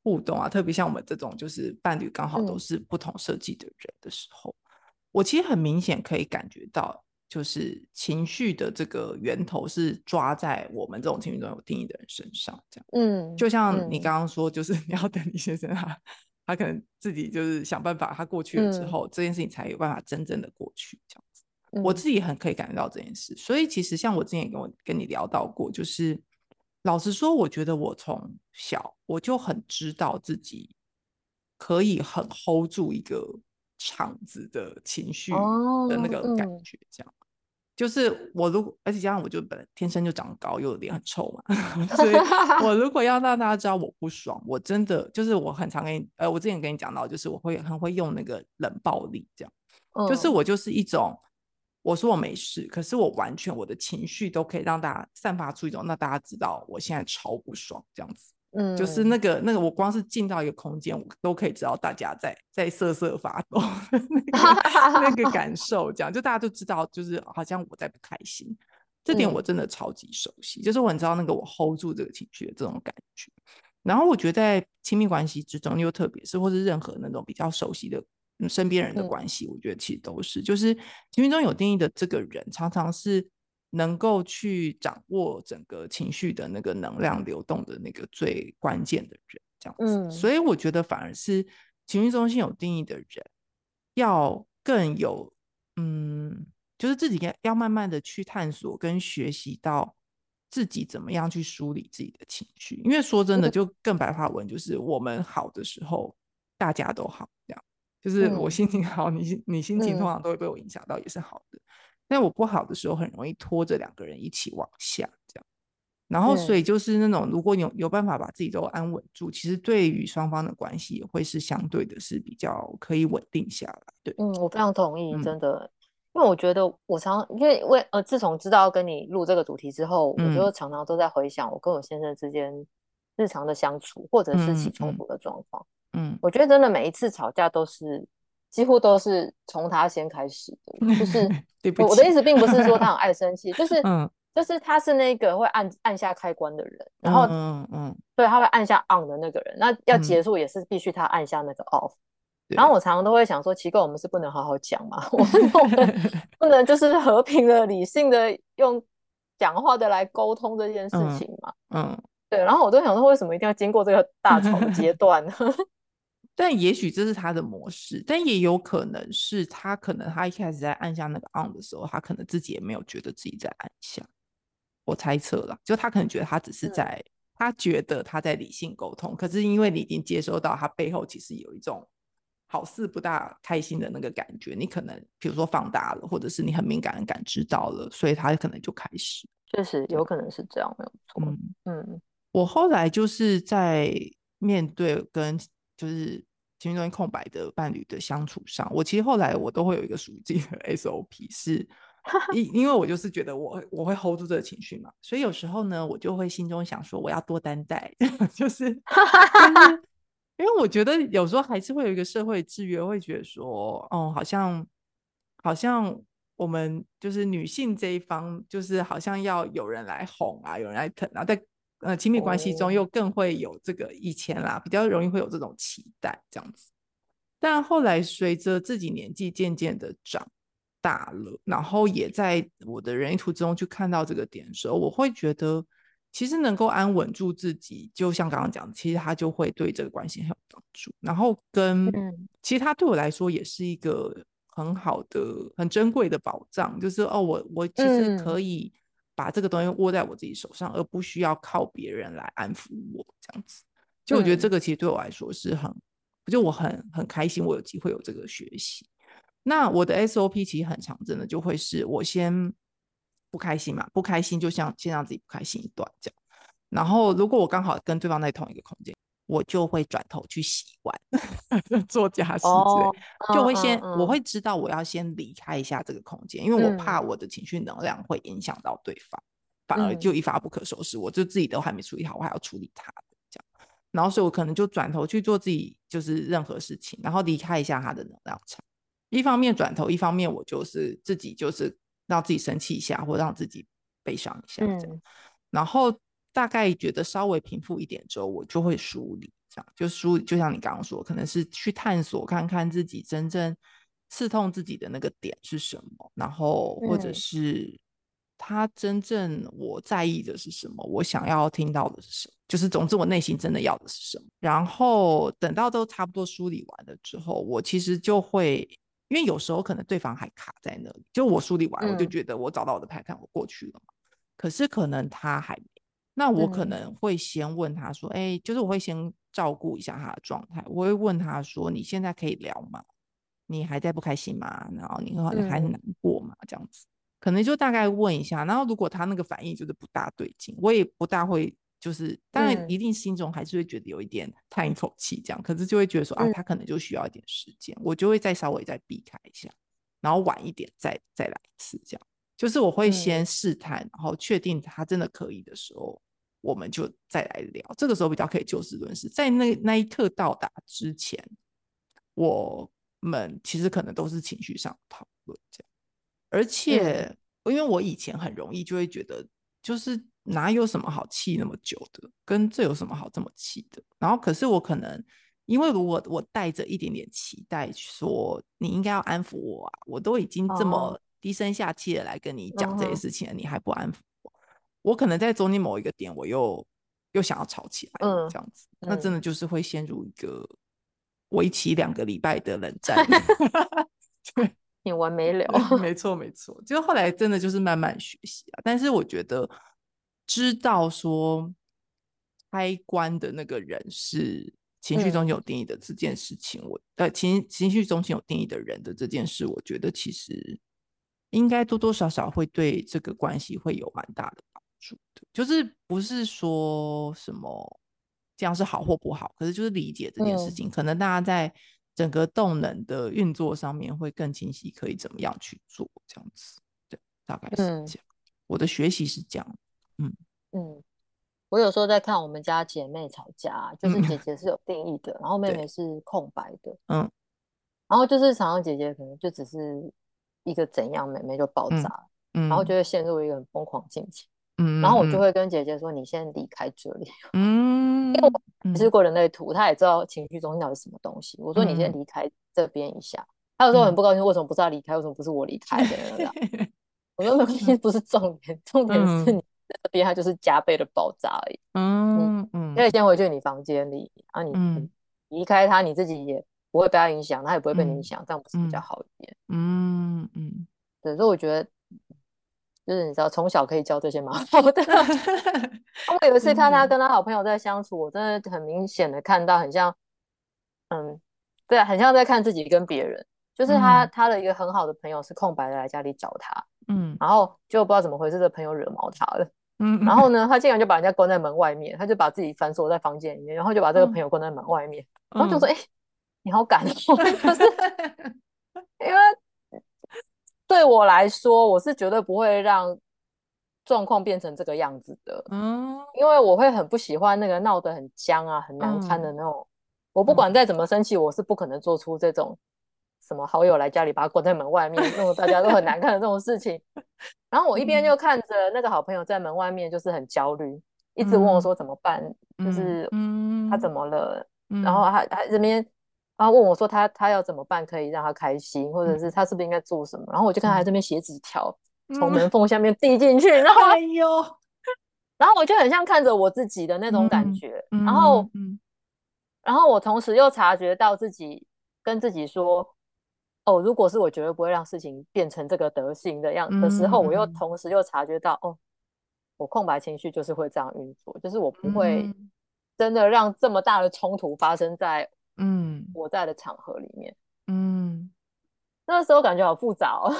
互動啊。特別像我們這種，就是伴侶剛好都是不同設計的人的時候，我其實很明顯可以感覺到，就是情緒的這個源頭是抓在我們這種情緒中有定義的人身上。這樣，嗯，就像你剛剛說，就是你要等你先生哈、啊。他可能自己就是想辦法，他過去了之後，嗯、這件事情才有辦法真正的過去，這樣子。嗯、我自己很可以感覺到這件事，所以其實像我之前也跟我跟你聊到過，就是老實說，我覺得我從小我就很知道自己可以很 hold 住一個場子的情緒的那個感覺，這樣。哦、嗯。就是我如果，而且加上我就本來天生就長高，又臉很臭嘛， 所以我如果要讓大家知道我不爽，我真的就是我很常跟你，呃，我之前跟你講到，就是我會很會用那個冷暴力，這樣，嗯、就是我就是一種，我說我沒事，可是我完全我的情緒都可以讓大家散發出一種，那大家知道我現在超不爽這樣子。嗯，就是那個那個，我光是進到一個空間，我都可以知道大家在在瑟瑟發抖，那個 那個感受這樣，樣就大家都知道，就是好像我在不開心，這點我真的超級熟悉，嗯、就是我很知道那個我 hold 住這個情緒的這種感覺。然後我覺得在親密關係之中，又特別是或是任何那種比較熟悉的身邊人的關係，嗯、我覺得其實都是，就是情緒中有定義的這個人，常常是。能夠去掌握整個情緒的那個能量流動的那個最關鍵的人，這樣子。所以我覺得反而是情緒中心有定義的人，要更有嗯，就是自己應該要慢慢的去探索跟學習到自己怎麼樣去梳理自己的情緒。因為說真的，就更白話文，就是我們好的時候，大家都好，這樣。就是我心情好，你心你心情通常都會被我影響到，也是好的。但我不好的時候，很容易拖着兩個人一起往下這樣，然後所以就是那種，如果有有辦法把自己都安穩住，其實對於雙方的關係，也會是相對的是比較可以穩定下來。對，嗯，我非常同意，真的，嗯、因為我覺得我常因為為呃自從知道跟你錄這個主題之後，嗯、我就常常都在回想我跟我先生之間日常的相處，或者是起衝突的狀況、嗯。嗯，嗯我覺得真的每一次吵架都是。幾乎都是從他先開始的，就是 起我的意思，並不是說他很愛生氣， 就是，嗯、就是他是那個會按按下開關的人，然後，嗯，嗯嗯，對，他會按下 on 的那個人，那要結束也是必須他按下那個 off。嗯、然後我常常都會想說，奇怪，我們是不能好好講嘛？對我們不能不能就是和平的、 理性的用講話的來溝通這件事情嘛？嗯，嗯，嗯，對。然後我都想說，為什麼一定要經過這個大吵階段呢？ 但也許這是他的模式，但也有可能是他可能他一開始在按下那個 on 的時候，他可能自己也沒有覺得自己在按下。我猜測了，就他可能覺得他只是在，嗯、他覺得他在理性溝通。可是因為你已經接收到他背後其實有一種好似不大開心的那個感覺，你可能比如說放大了，或者是你很敏感的感知到了，所以他可能就開始。確實有可能是這樣，嗯、沒有錯。嗯，嗯我後來就是在面對跟。就是情緒中心空白的伴侶的相處上，我其實後來我都會有一個屬於自己的 SOP，是因因為我就是覺得我我會 hold 住這個情緒嘛，所以有時候呢，我就會心中想說我要多擔待，就是、是，因為我覺得有時候還是會有一個社會制約，會覺得說，哦、嗯，好像好像我們就是女性這一方，就是好像要有人來哄啊，有人來疼啊，然後再。呃，親密關係中又更會有這個以前啦，oh. 比較容易會有這種期待這樣子。但後來隨着自己年紀漸漸的長大了，然後也在我的人類圖中去看到這個點的時候，我會覺得其實能夠安穩住自己，就像剛剛講，其實他就會對這個關係很有幫助。然後跟其實他對我來說也是一個很好的、很珍貴的保障，就是哦，我我其實可以。Oh. 把這個東西握在我自己手上，而不需要靠別人來安撫我，這樣子。就我覺得這個其實對我來說是很，就我很很開心，我有機會有這個學習。那我的 SOP 其實很常見的就會是我先不開心嘛，不開心就像先讓自己不開心一段這樣。然後如果我剛好跟對方在同一個空間。我就會轉頭去洗碗、做家事之類，就會先我會知道我要先離開一下這個空間，因為我怕我的情緒能量會影響到對方，反而就一發不可收拾。我就自己都還沒處理好，我還要處理他這樣，然後所以我可能就轉頭去做自己就是任何事情，然後離開一下他的能量場。一方面轉頭，一方面我就是自己就是讓自己生氣一下，或讓自己悲傷一下這樣，然後。大概覺得稍微平復一點之後，我就會梳理，這樣就梳理，就像你剛剛說，可能是去探索看看自己真正刺痛自己的那個點是什麼，然後或者是他真正我在意的是什麼，我想要聽到的是什麼，就是總之我內心真的要的是什麼。然後等到都差不多梳理完了之後，我其實就會，因為有時候可能對方還卡在那裡，就我梳理完，我就覺得我找到我的牌，看我過去了，可是可能他還沒。那我可能會先問他說：“哎、嗯欸，就是我會先照顧一下他的狀態。我會問他說：你現在可以聊嗎？你還在不開心嗎？然後你很還難過嗎？嗯、這樣子，可能就大概問一下。然後如果他那個反應就是不大對勁，我也不大會，就是當然一定心中還是會覺得有一點嘆一口氣這樣。嗯、可是就會覺得說啊，他可能就需要一點時間，嗯、我就會再稍微再避開一下，然後晚一點再再來一次這樣。”就是我會先試探，嗯、然後確定他真的可以的時候，我們就再來聊。這個時候比較可以就事論事。在那那一刻到達之前，我們其實可能都是情緒上討論這樣。而且，嗯、因為我以前很容易就會覺得，就是哪有什麼好氣那麼久的，跟這有什麼好這麼氣的？然後，可是我可能因為如果我帶着一點點期待，說你應該要安撫我啊，我都已經這麼。嗯低聲下氣的來跟你講這些事情，uh huh. 你還不安撫我？我可能在中間某一個點，我又又想要吵起來，嗯，這樣子，嗯、那真的就是會陷入一個為期兩個禮拜的冷戰， 對，沒完沒了。 沒錯，沒錯，就後來真的就是慢慢學習啊。但是我覺得知道說開關的那個人是情緒中心有定義的這件事情，嗯、我呃情情緒中心有定義的人的這件事，我覺得其實。應該多多少少會對這個關係會有蠻大的幫助的，就是不是說什麼這樣是好或不好，可是就是理解這件事情，嗯、可能大家在整個動能的運作上面會更清晰，可以怎麼樣去做這樣子，對，大概是這樣。嗯、我的學習是這樣，嗯嗯，我有時候在看我們家姐妹吵架，就是姐姐是有定義的，嗯、然後妹妹是空白的，嗯，然後就是常常姐姐可能就只是。一個怎樣，妹妹就爆炸，然後就會陷入一個很瘋狂境界。然後我就會跟姐姐說：“你先離開這裡。”嗯，因為我做過人類圖，她也知道情緒中心到底什麼東西。我說：“你先離開這邊一下。”她有時候很不高興，為什麼不知道離開？為什麼不是我離開？我說：“那不是重點，重點是你這邊它就是加倍的爆炸而已。”嗯嗯，因為先回去你房間裡，然後你離開他，你自己也。不會被他影響，他也不會被你影響，嗯、這樣不是比較好一點、嗯？嗯嗯。對，所以我覺得，就是你知道，從小可以教這些嘛。我有一次看他跟他好朋友在相處，我真的很明顯的看到，很像，嗯，對，很像在看自己跟別人。就是他、嗯、他的一個很好的朋友是空白的來家裡找他，嗯，然後就不知道怎麼回事，這個、朋友惹毛他了，嗯，然後呢，他竟然就把人家關在門外面，他就把自己反鎖在房間裡面，然後就把這個朋友關在門外面。嗯、然後就說，哎、嗯。欸你好感動， 就是因為對我來說，我是絕對不會讓狀況變成這個樣子的。嗯，因為我會很不喜歡那個鬧得很僵啊、很難堪的那種。嗯、我不管再怎麼生氣，我是不可能做出這種什麼好友來家裡把他關在門外面，嗯、弄得大家都很難看的這種事情。嗯、然後我一邊就看着那個好朋友在門外面，就是很焦慮，嗯、一直問我說怎麼辦，嗯、就是嗯，他怎麼了？嗯、然後他他這邊。然後問我說他：“他他要怎麼辦？可以讓他開心，或者是他是不是應該做什麼？”嗯、然後我就看他這邊寫紙條，嗯、從門縫下面遞進去。然後，哎、呦然後我就很像看着我自己的那種感覺。嗯、然後，嗯、然後我同時又察覺到自己跟自己說：“哦，如果是我，絕對不會讓事情變成這個德性的樣子。嗯”的時候，我又同時又察覺到：“哦，我空白情緒就是會這樣運作，就是我不會真的讓這麼大的衝突發生在。”嗯，我在的場合裡面，嗯，那時候感覺好複雜，哦，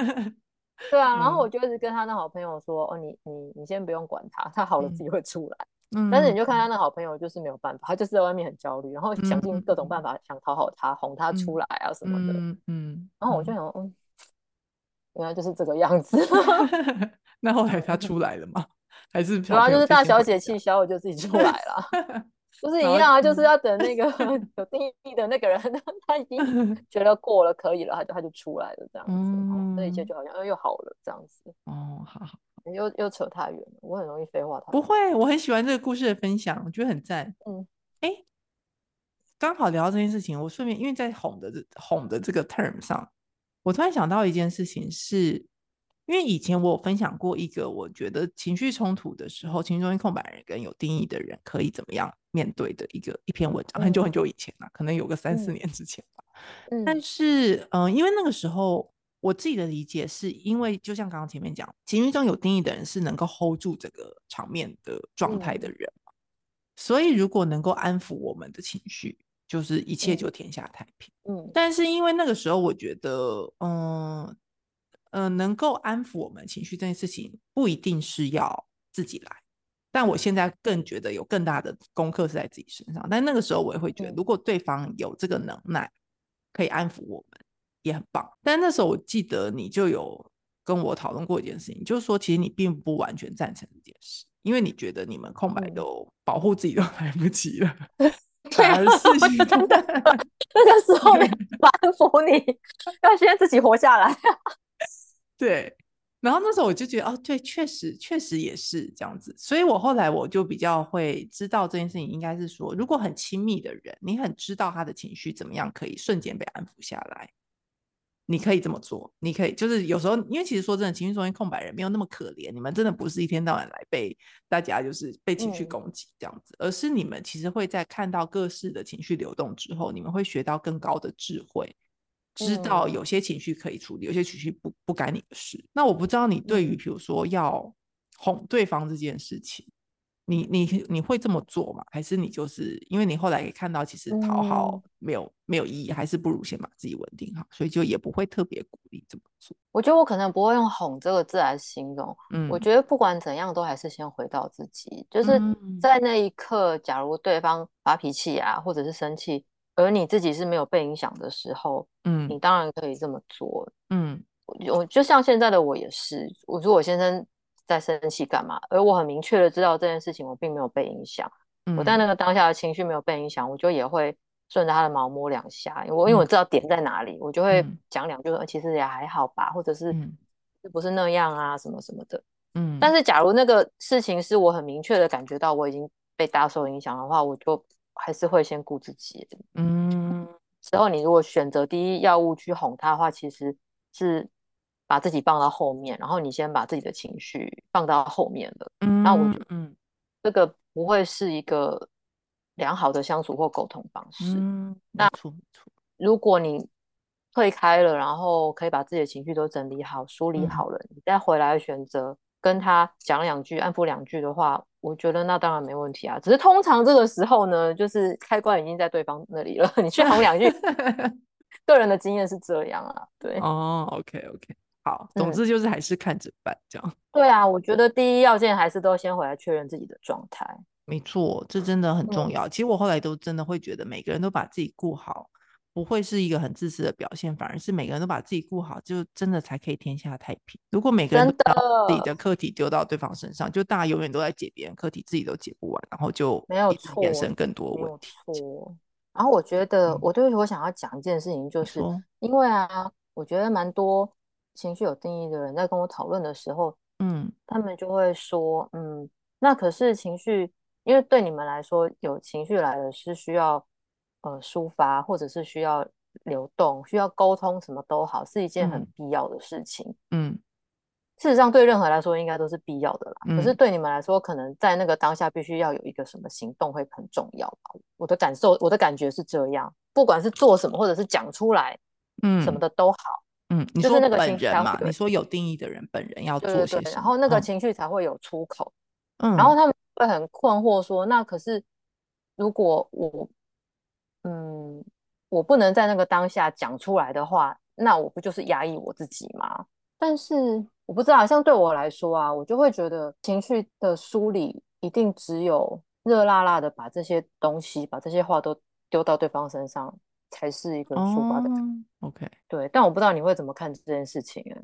對啊，然後我就一直跟他那好朋友說，嗯、哦，你你你先不用管他，他好了自己會出來。嗯嗯、但是你就看他那好朋友，就是沒有辦法，他就是在外面很焦慮，然後想盡各種辦法想討好他，嗯、哄他出來啊什麼的。嗯，嗯然後我就想，嗯，原來就是這個樣子。 那後來他出來了嗎？還是主要就是大小姐氣消我就自己出來了。 不是一樣啊，就是要等那個有定義的那個人， 他已經覺得過了，可以了，他就他就出來了，這樣子，那一切就好像又好了，這樣子。哦、嗯，好好，又又扯太遠了，我很容易廢話。不會，我很喜歡這個故事的分享，我覺得很贊。嗯、欸，哎，剛好聊到這件事情，我順便因為在哄的這哄的這個 term 上，我突然想到一件事情是。因為以前我有分享過一個，我覺得情緒衝突的時候，情緒中心空白人跟有定義的人可以怎麼樣面對的一個一篇文章，很久很久以前了，啊，可能有個三四年之前吧。嗯、但是嗯、呃，因為那個時候我自己的理解是，因為就像剛剛前面講，情緒中有定義的人是能夠 hold 住這個場面的狀態的人嘛、嗯、所以如果能夠安撫我們的情緒，就是一切就天下太平。嗯嗯、但是因為那個時候我覺得，嗯、呃。嗯、呃，能夠安撫我們情緒這件事情不一定是要自己來，但我現在更覺得有更大的功課是在自己身上。但那個時候我也會覺得，如果對方有這個能耐、嗯、可以安撫我們，也很棒。但那時候我記得你就有跟我討論過一件事情，就是說其實你並不完全贊成這件事，因為你覺得你們空白都保護自己都來不及了，真的是真的。那個時候沒安撫你， 要先自己活下來。對，然後那時候我就覺得，哦，對，確實，確實也是這樣子。所以我後來我就比較會知道這件事情，應該是說，如果很親密的人，你很知道他的情緒怎麼樣，可以瞬間被安撫下來，你可以這麼做，你可以就是有時候，因為其實說真的，情緒中心空白人沒有那麼可憐，你們真的不是一天到晚來被大家就是被情緒攻擊，嗯，這樣子，而是你們其實會在看到各式的情緒流動之後，你們會學到更高的智慧。知道有些情緒可以處理，有些情緒不不干你的事。那我不知道你對於，比如說要哄對方這件事情，你你你會這麼做嗎？還是你就是因為你後來也看到，其實討好沒有沒有意義，還是不如先把自己穩定好，所以就也不會特別鼓勵這麼做。我覺得我可能不會用“哄”這個字來形容。嗯，我覺得不管怎樣，都還是先回到自己，就是在那一刻，假如對方發脾氣啊，或者是生氣。而你自己是沒有被影響的時候，嗯，你當然可以這麼做，嗯，我就像現在的我也是，我如果我先生在生氣幹嘛？而我很明確的知道這件事情，我並沒有被影響，嗯、我在那個當下的情緒沒有被影響，我就也會順着他的毛摸兩下，我、嗯、因為我知道點在哪裡，我就會講兩句，嗯、其實也還好吧，或者是，是不是那樣啊，嗯、什麼什麼的，嗯。但是假如那個事情是我很明確的感覺到我已經被大受影響的話，我就。還是會先顧自己的。嗯，之後你如果選擇第一要務去哄他的話，其實是把自己放到後面，然後你先把自己的情緒放到後面了，嗯，那我覺得，嗯，這個不會是一個良好的相處或溝通方式，嗯，那如果你退開了，然後可以把自己的情緒都整理好、梳理好了，嗯、你再回來選擇。跟他講兩句，安撫兩句的話，我覺得那當然沒問題啊。只是通常這個時候呢，就是開關已經在對方那裡了，你去哄兩句。 個人的經驗是這樣啊，對。哦、oh，OK OK，好，總之就是還是看着辦、嗯、這樣。對啊，我覺得第一要件還是都先回來確認自己的狀態。沒錯，這真的很重要。嗯、其實我後來都真的會覺得，每個人都把自己顧好。不會是一個很自私的表現，反而是每個人都把自己顧好，就真的才可以天下太平。如果每個人都把自己的課題丟到對方身上，的就大家永遠都在解別人課題，自己都解不完，然後就沒有衍生更多問題。然後我覺得，嗯、我對，我想要講一件事情，就是說因為啊，我覺得蠻多情緒有定義的人在跟我討論的時候，嗯，他們就會說，嗯，那可是情緒，因為對你們來說，有情緒來了是需要。呃，抒發或者是需要流動、需要溝通，什麼都好，是一件很必要的事情。嗯，嗯，事實上，對任何人來說，應該都是必要的啦。嗯、可是對你們來說，可能在那個當下，必須要有一個什麼行動會很重要吧？我的感受，我的感覺是這樣。不管是做什麼，或者是講出來，嗯，什麼的都好。嗯，嗯，你說就是那個本人嘛，你說有定義的人本人要做些什麼，對對對，然後那個情緒才會有出口。嗯，然後他們會很困惑說：“那可是如果我。”嗯，我不能在那個當下講出來的話，那我不就是壓抑我自己嗎？但是我不知道，像對我來說啊，我就會覺得情緒的梳理一定只有熱辣辣的把這些東西，把這些話都丟到對方身上，才是一個抒發的。Oh, OK，對。但我不知道你會怎麼看這件事情啊。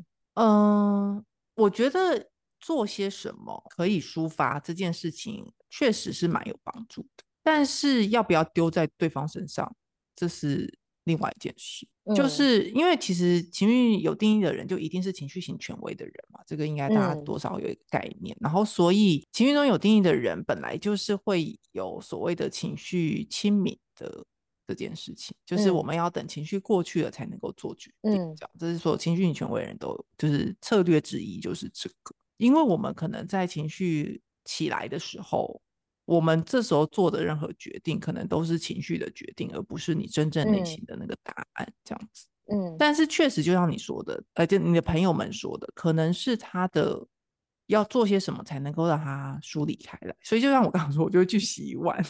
嗯，uh, 我覺得做些什麼可以抒發這件事情，確實是蠻有幫助的。但是要不要丟在對方身上，這是另外一件事。嗯、就是因為其實情緒有定義的人，就一定是情緒型權威的人嘛。這個應該大家多少有一個概念。嗯、然後，所以情緒中有定義的人，本來就是會有所謂的情緒親民的這件事情。就是我們要等情緒過去了才能夠做決定。嗯、這樣，這是所有情緒型權威的人都就是策略之一，就是這個。因為我們可能在情緒起來的時候。我們這時候做的任何決定，可能都是情緒的決定，而不是你真正內心的那個答案。這樣子，嗯。嗯。但是確實，就像你說的，呃，就你的朋友們說的，可能是他的要做些什麼才能夠讓他梳理開來。所以，就像我剛剛說，我就去洗碗。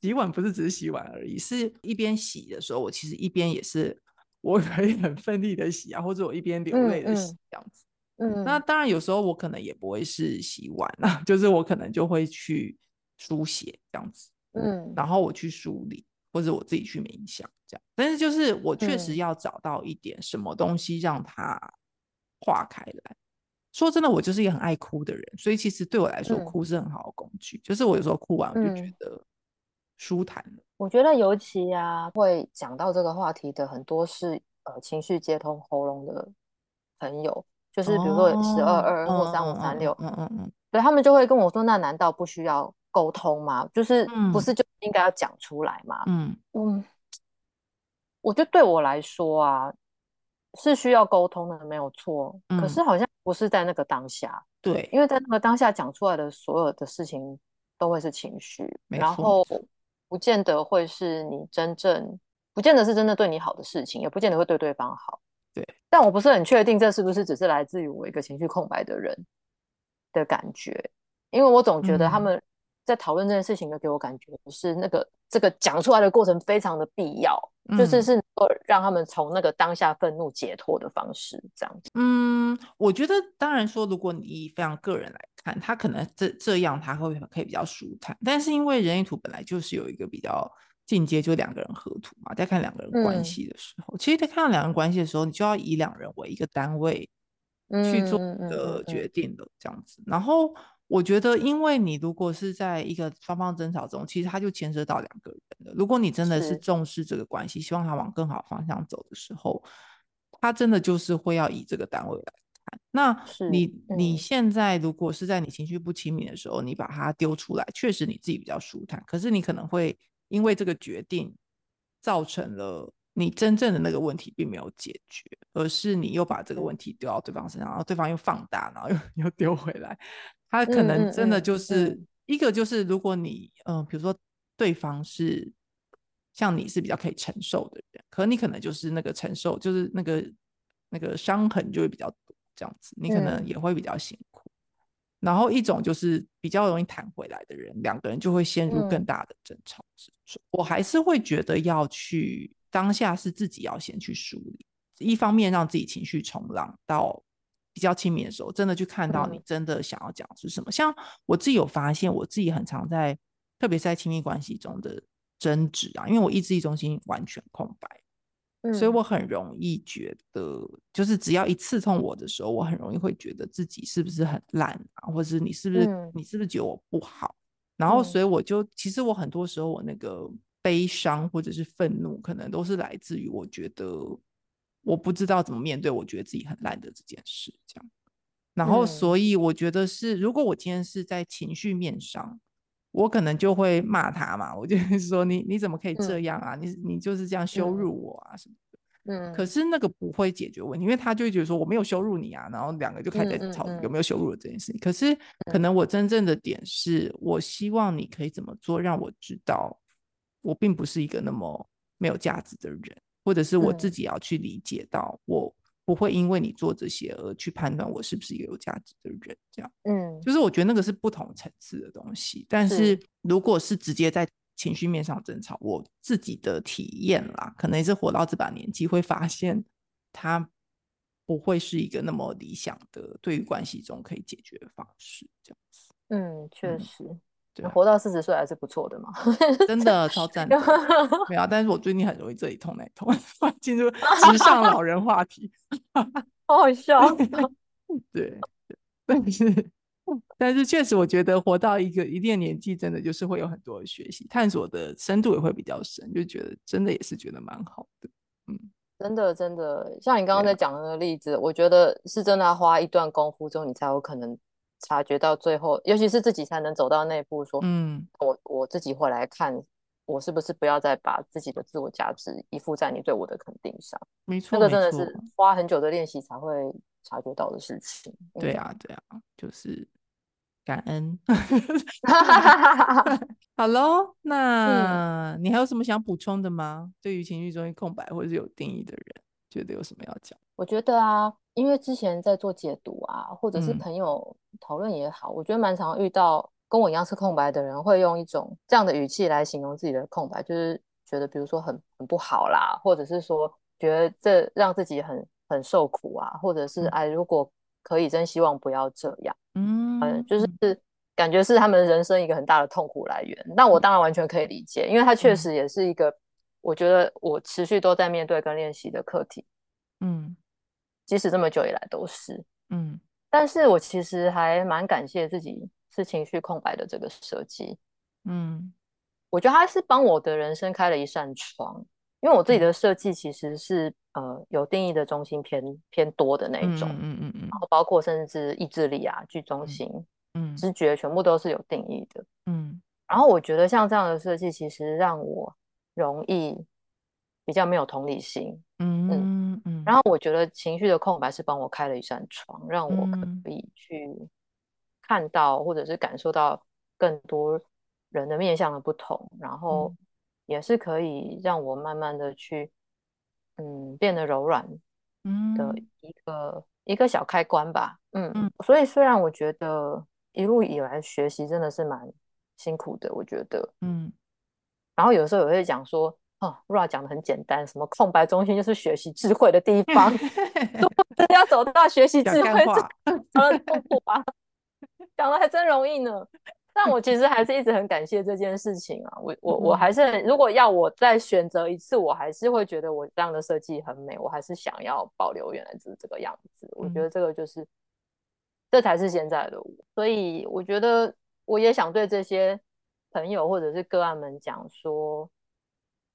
洗碗不是只是洗碗而已，是一邊洗的時候，我其實一邊也是我可以很奮力的洗啊，或者我一邊流淚的洗這樣子。嗯。嗯。那當然，有時候我可能也不會是洗碗啊，就是我可能就會去。書寫這樣子，嗯，然後我去梳理，或者我自己去冥想，這樣。但是就是我確實要找到一點什麼東西讓它化開來。嗯、說真的，我就是一個很愛哭的人，所以其實對我來說，哭是很好的工具。嗯、就是我有時候哭完，我就覺得舒坦了，嗯。我覺得尤其啊，會講到這個話題的很多是呃情緒接通喉嚨的朋友，就是比如說十二二或三五三六，嗯嗯嗯，對他們就會跟我說：“那難道不需要？”溝通嘛，就是不是就應該要講出來嘛？嗯，嗯，我覺得對我來說啊，是需要溝通的，沒有錯。嗯，可是好像不是在那個當下，對，因為在那個當下講出來的所有的事情都會是情緒，沒錯。然後不見得會是你真正，不見得是真的對你好的事情，也不見得會對對方好。對，但我不是很確定，這是不是只是來自於我一個情緒空白的人的感覺？因為我總覺得他們，嗯。在討論這件事情的，給我感覺是那個這個講出來的過程非常的必要，嗯、就是是能夠讓他們從那個當下憤怒解脫的方式這樣子。嗯，我覺得當然說，如果你以非常個人來看，他可能這這樣他會可以比較舒坦。但是因為人類圖本來就是有一個比較進階，就兩個人合圖嘛，在看兩個人關係的時候，嗯、其實在看兩個人關係的時候，你就要以兩人為一個單位去做的決定的這樣子。嗯嗯嗯、然後。我覺得，因為你如果是在一個雙方爭吵中，其實他就牽涉到兩個人。如果你真的是重視這個關係，是希望他往更好方向走的時候，他真的就是會要以這個單位來看。那你你現在如果是在你情緒不清明的時候，你把它丟出來，確實你自己比較舒坦，可是你可能會因為這個決定造成了。你真正的那個問題並沒有解決，而是你又把這個問題丟到對方身上，然後對方又放大，然後又又丟回來。他可能真的就是、嗯嗯嗯、一個就是，如果你嗯、呃，比如說對方是像你是比較可以承受的人，可你可能就是那個承受就是那個那個傷痕就會比較多，這樣子你可能也會比較辛苦。嗯、然後一種就是比較容易彈回來的人，兩個人就會陷入更大的爭吵之中。嗯、我還是會覺得要去。當下是自己要先去梳理，一方面讓自己情緒衝浪，到比較清明的時候，真的去看到你真的想要講是什麼。嗯、像我自己有發現，我自己很常在，特別是在親密關係中的爭執啊，因為我意志力中心完全空白，嗯、所以我很容易覺得，就是只要一刺痛我的時候，我很容易會覺得自己是不是很爛啊，或者是你是不是、嗯、你是不是覺得我不好，然後所以我就、嗯、其實我很多時候我那個。悲傷或者是憤怒，可能都是來自於我覺得我不知道怎麼面對，我覺得自己很爛的這件事。這樣，然後所以我覺得是，如果我今天是在情緒面上，我可能就會罵他嘛，我就會說你你怎麼可以這樣啊？你你就是這樣羞辱我啊什麼的。可是那個不會解決問題，因為他就會覺得說我沒有羞辱你啊，然後兩個就開始在吵有沒有羞辱了這件事。可是可能我真正的點是，我希望你可以怎麼做，讓我知道。我並不是一個那麼沒有價值的人，或者是我自己要去理解到，我不會因為你做這些而去判斷我是不是一個有價值的人，這樣，嗯，就是我覺得那個是不同層次的東西。但是如果是直接在情緒面上爭吵，是我自己的體驗啦，可能也是活到這把年紀會發現，它不會是一個那麼理想的對於關係中可以解決的方式，這樣子。嗯，確實。嗯啊、活到四十歲還是不錯的嘛， 真的超讚的。 沒有、啊，但是我最近很容易這裡痛那裡痛，進入時尚老人話題， 好好笑， 對對。對，但是但是確實，我覺得活到一個一定年紀，真的就是會有很多學習、探索的深度也會比較深，就覺得真的也是覺得蠻好的。嗯，真的真的，像你剛剛在講的那個例子，啊、我覺得是真的要花一段功夫之後，你才有可能。察覺到最後，尤其是自己才能走到那步，說：“嗯，我我自己會來看，我是不是不要再把自己的自我價值依附在你對我的肯定上？”沒錯，那個真的是花很久的練習才會察覺到的事情。錯對啊，對啊，就是感恩。 好嘍，那你還有什麼想補充的嗎？是對於情緒中心空白或者是有定義的人，覺得有什麼要講？我覺得啊。因為之前在做解讀啊，或者是朋友討論也好，嗯、我覺得蠻常遇到跟我一樣是空白的人，會用一種這樣的語氣來形容自己的空白，就是覺得比如說很很不好啦，或者是說覺得這讓自己很很受苦啊，或者是、嗯、哎，如果可以，真希望不要這樣，嗯，嗯，就是感覺是他們人生一個很大的痛苦來源。那、嗯、我當然完全可以理解，因為他確實也是一個我覺得我持續都在面對跟練習的課題，嗯。嗯即使這麼久以來都是，嗯，但是我其實還蠻感謝自己是情緒空白的這個設計，嗯，我覺得它是幫我的人生開了一扇窗，因為我自己的設計其實是、嗯、呃有定義的中心偏偏多的那一種，嗯嗯嗯，嗯嗯然後包括甚至意志力啊 G 中心，嗯，直、嗯、覺全部都是有定義的，嗯，然後我覺得像這樣的設計其實讓我容易比較沒有同理心。嗯嗯，嗯然後我覺得情緒的空白是幫我開了一扇窗，嗯、讓我可以去看到或者是感受到更多人的面向的不同，然後也是可以讓我慢慢的去，嗯，變得柔軟，嗯的一個、嗯、一個小開關吧，嗯嗯。所以雖然我覺得一路以來學習真的是蠻辛苦的，我覺得，嗯，然後有時候也會講說。哦、Ra 講得很簡單，什麼空白中心就是學習智慧的地方，真 要走到學習智慧這，好了幹， 講得還真容易呢。但我其實還是一直很感謝這件事情啊。我我我還是，如果要我再選擇一次，我還是會覺得我這樣的設計很美，我還是想要保留原來是這個樣子。我覺得這個就是，嗯、這才是現在的我。所以我覺得我也想對這些朋友或者是個案們講說。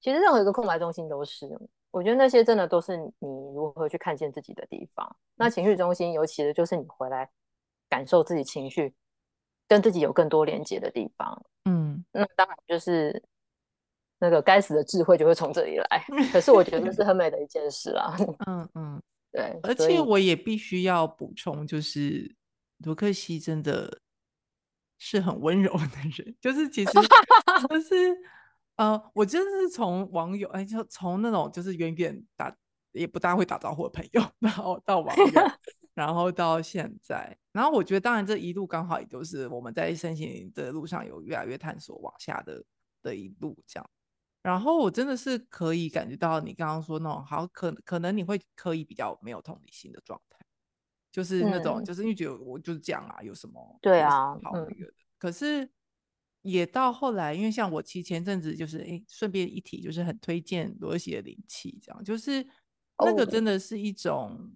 其實任何一個空白中心都是，我覺得那些真的都是你如何去看見自己的地方。那情緒中心，尤其的就是你回來感受自己情緒，跟自己有更多連接的地方。嗯，那當然就是那個該死的智慧就會從這裡來。可是我覺得這是很美的一件事啊、 嗯。嗯嗯，對。而且我也必須要補充，就是羅克西真的是很溫柔的人，就是其實不是。 呃，我真的是從網友，哎、欸，就從那種就是遠遠打也不大會打招呼的朋友，然後到網友， 然後到現在，然後我覺得當然這一路剛好也就是我們在生行的路上有越來越探索往下的的一路這樣，然後我真的是可以感覺到你剛剛說那種好可可能你會可以比較沒有同理心的狀態，就是那種、嗯、就是因為覺得我就是這樣啊，有什麼對啊，好、嗯、可是。也到後來，因為像我前前陣子就是，哎、欸，順便一提，就是很推薦羅西的靈氣，這樣就是那個真的是一種，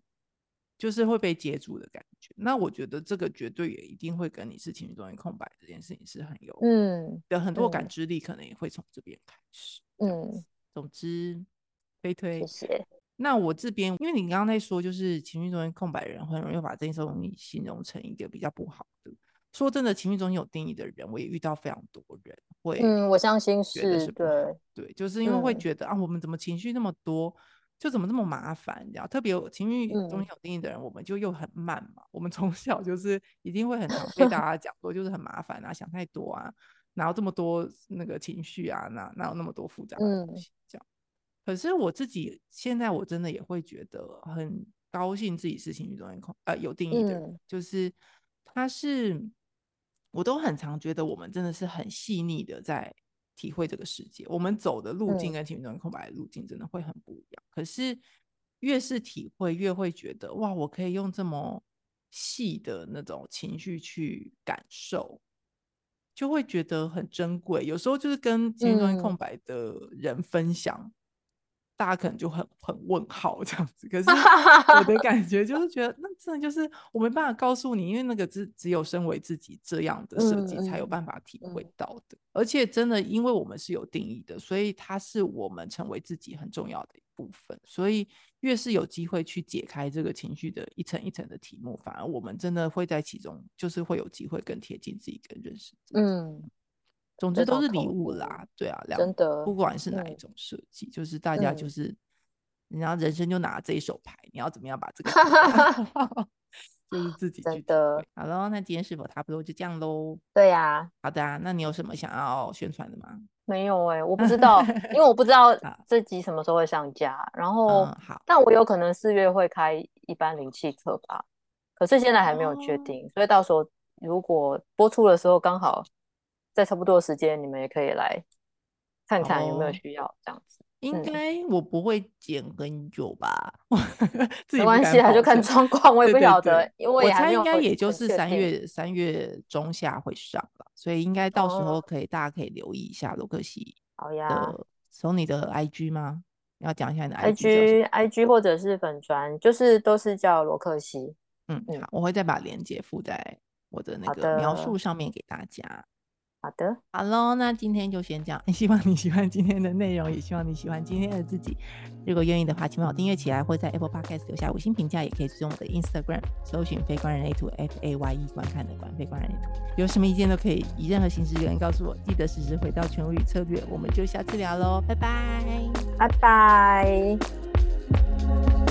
就是會被接住的感覺。Oh. 那我覺得這個絕對也一定會跟你是情緒中心空白這件事情是很有，嗯，有很多感知力可能也會從這邊開始，嗯，總之推推。謝謝。那我這邊，因為你剛才說，就是情緒中心空白人很容易把這種東西形容成一個比較不好的。說真的，情緒中心有定義的人，我也遇到非常多人會，嗯，我相信是，對，對，就是因為會覺得對啊，我們怎麼情緒那麼多，就怎麼這麼麻煩，這樣特別情緒中心有定義的人，嗯、我們就又很慢嘛，我們從小就是一定會很被大家講過， 就是很麻煩啊，想太多啊，哪有這麼多那個情緒啊，哪哪有那麼多複雜的東西、嗯、這樣。可是我自己現在我真的也會覺得很高興，自己是情緒中心有定義的人，嗯呃、有定義的人就是他是。我都很常覺得，我們真的是很細膩的在體會這個世界。我們走的路徑跟情緒中心空白的路徑，真的會很不一樣。嗯、可是，越是體會，越會覺得哇，我可以用這麼細的那種情緒去感受，就會覺得很珍貴。有時候就是跟情緒中心空白的人分享。嗯大家可能就很很問號這樣子，可是我的感覺就是覺得，那真的就是我沒辦法告訴你，因為那個只只有身為自己這樣的設計才有辦法體會到的。嗯嗯、而且真的，因為我們是有定義的，所以它是我們成為自己很重要的一部分。所以越是有機會去解開這個情緒的一層一層的題目，反而我們真的會在其中，就是會有機會更貼近自己，跟認識自己。嗯。總之都是禮物啦，對啊，兩不管是哪一種設計，就是大家就是，你要人生就拿這一手牌，你要怎麼樣把這個，就是自己去的。好嘍，那今天是否差不多就這樣嘍？對啊，好的啊，那你有什麼想要宣傳的嗎？沒有哎，我不知道，因為我不知道這集什麼時候會上架。然後好，但我有可能四月會開一班靈氣課吧，可是現在還沒有確定，所以到時候如果播出的時候剛好。在差不多的時間，你們也可以來看看有沒有需要這樣子。Oh, 嗯、應該我不會剪很久吧？ 沒關係，他就看狀況，我也不曉得。 對對對，因為我，我猜應該也就是三月定三月中下會上了，所以應該到時候可以，oh, 可以大家可以留意一下羅克西。好呀，從你的 IG 嗎？要講一下你的 IG，IG IG, IG 或者是粉專，就是都是叫羅克西。嗯，嗯好，我會再把鏈接附在我的那個描述上面給大家。好的，好嘍，那今天就先這樣。希望你喜歡今天的內容，也希望你喜歡今天的自己。如果願意的話，請幫我訂閱起來，或在 Apple Podcast 留下五星評價，也可以追蹤我的 Instagram，搜尋 “Faye 觀人類圖 F A Y E” 觀看的觀，Faye 觀人類圖。有什麼意見都可以以任何形式留言告訴我。記得時時回到權威與策略，我們就下次聊嘍，拜拜，拜拜。拜拜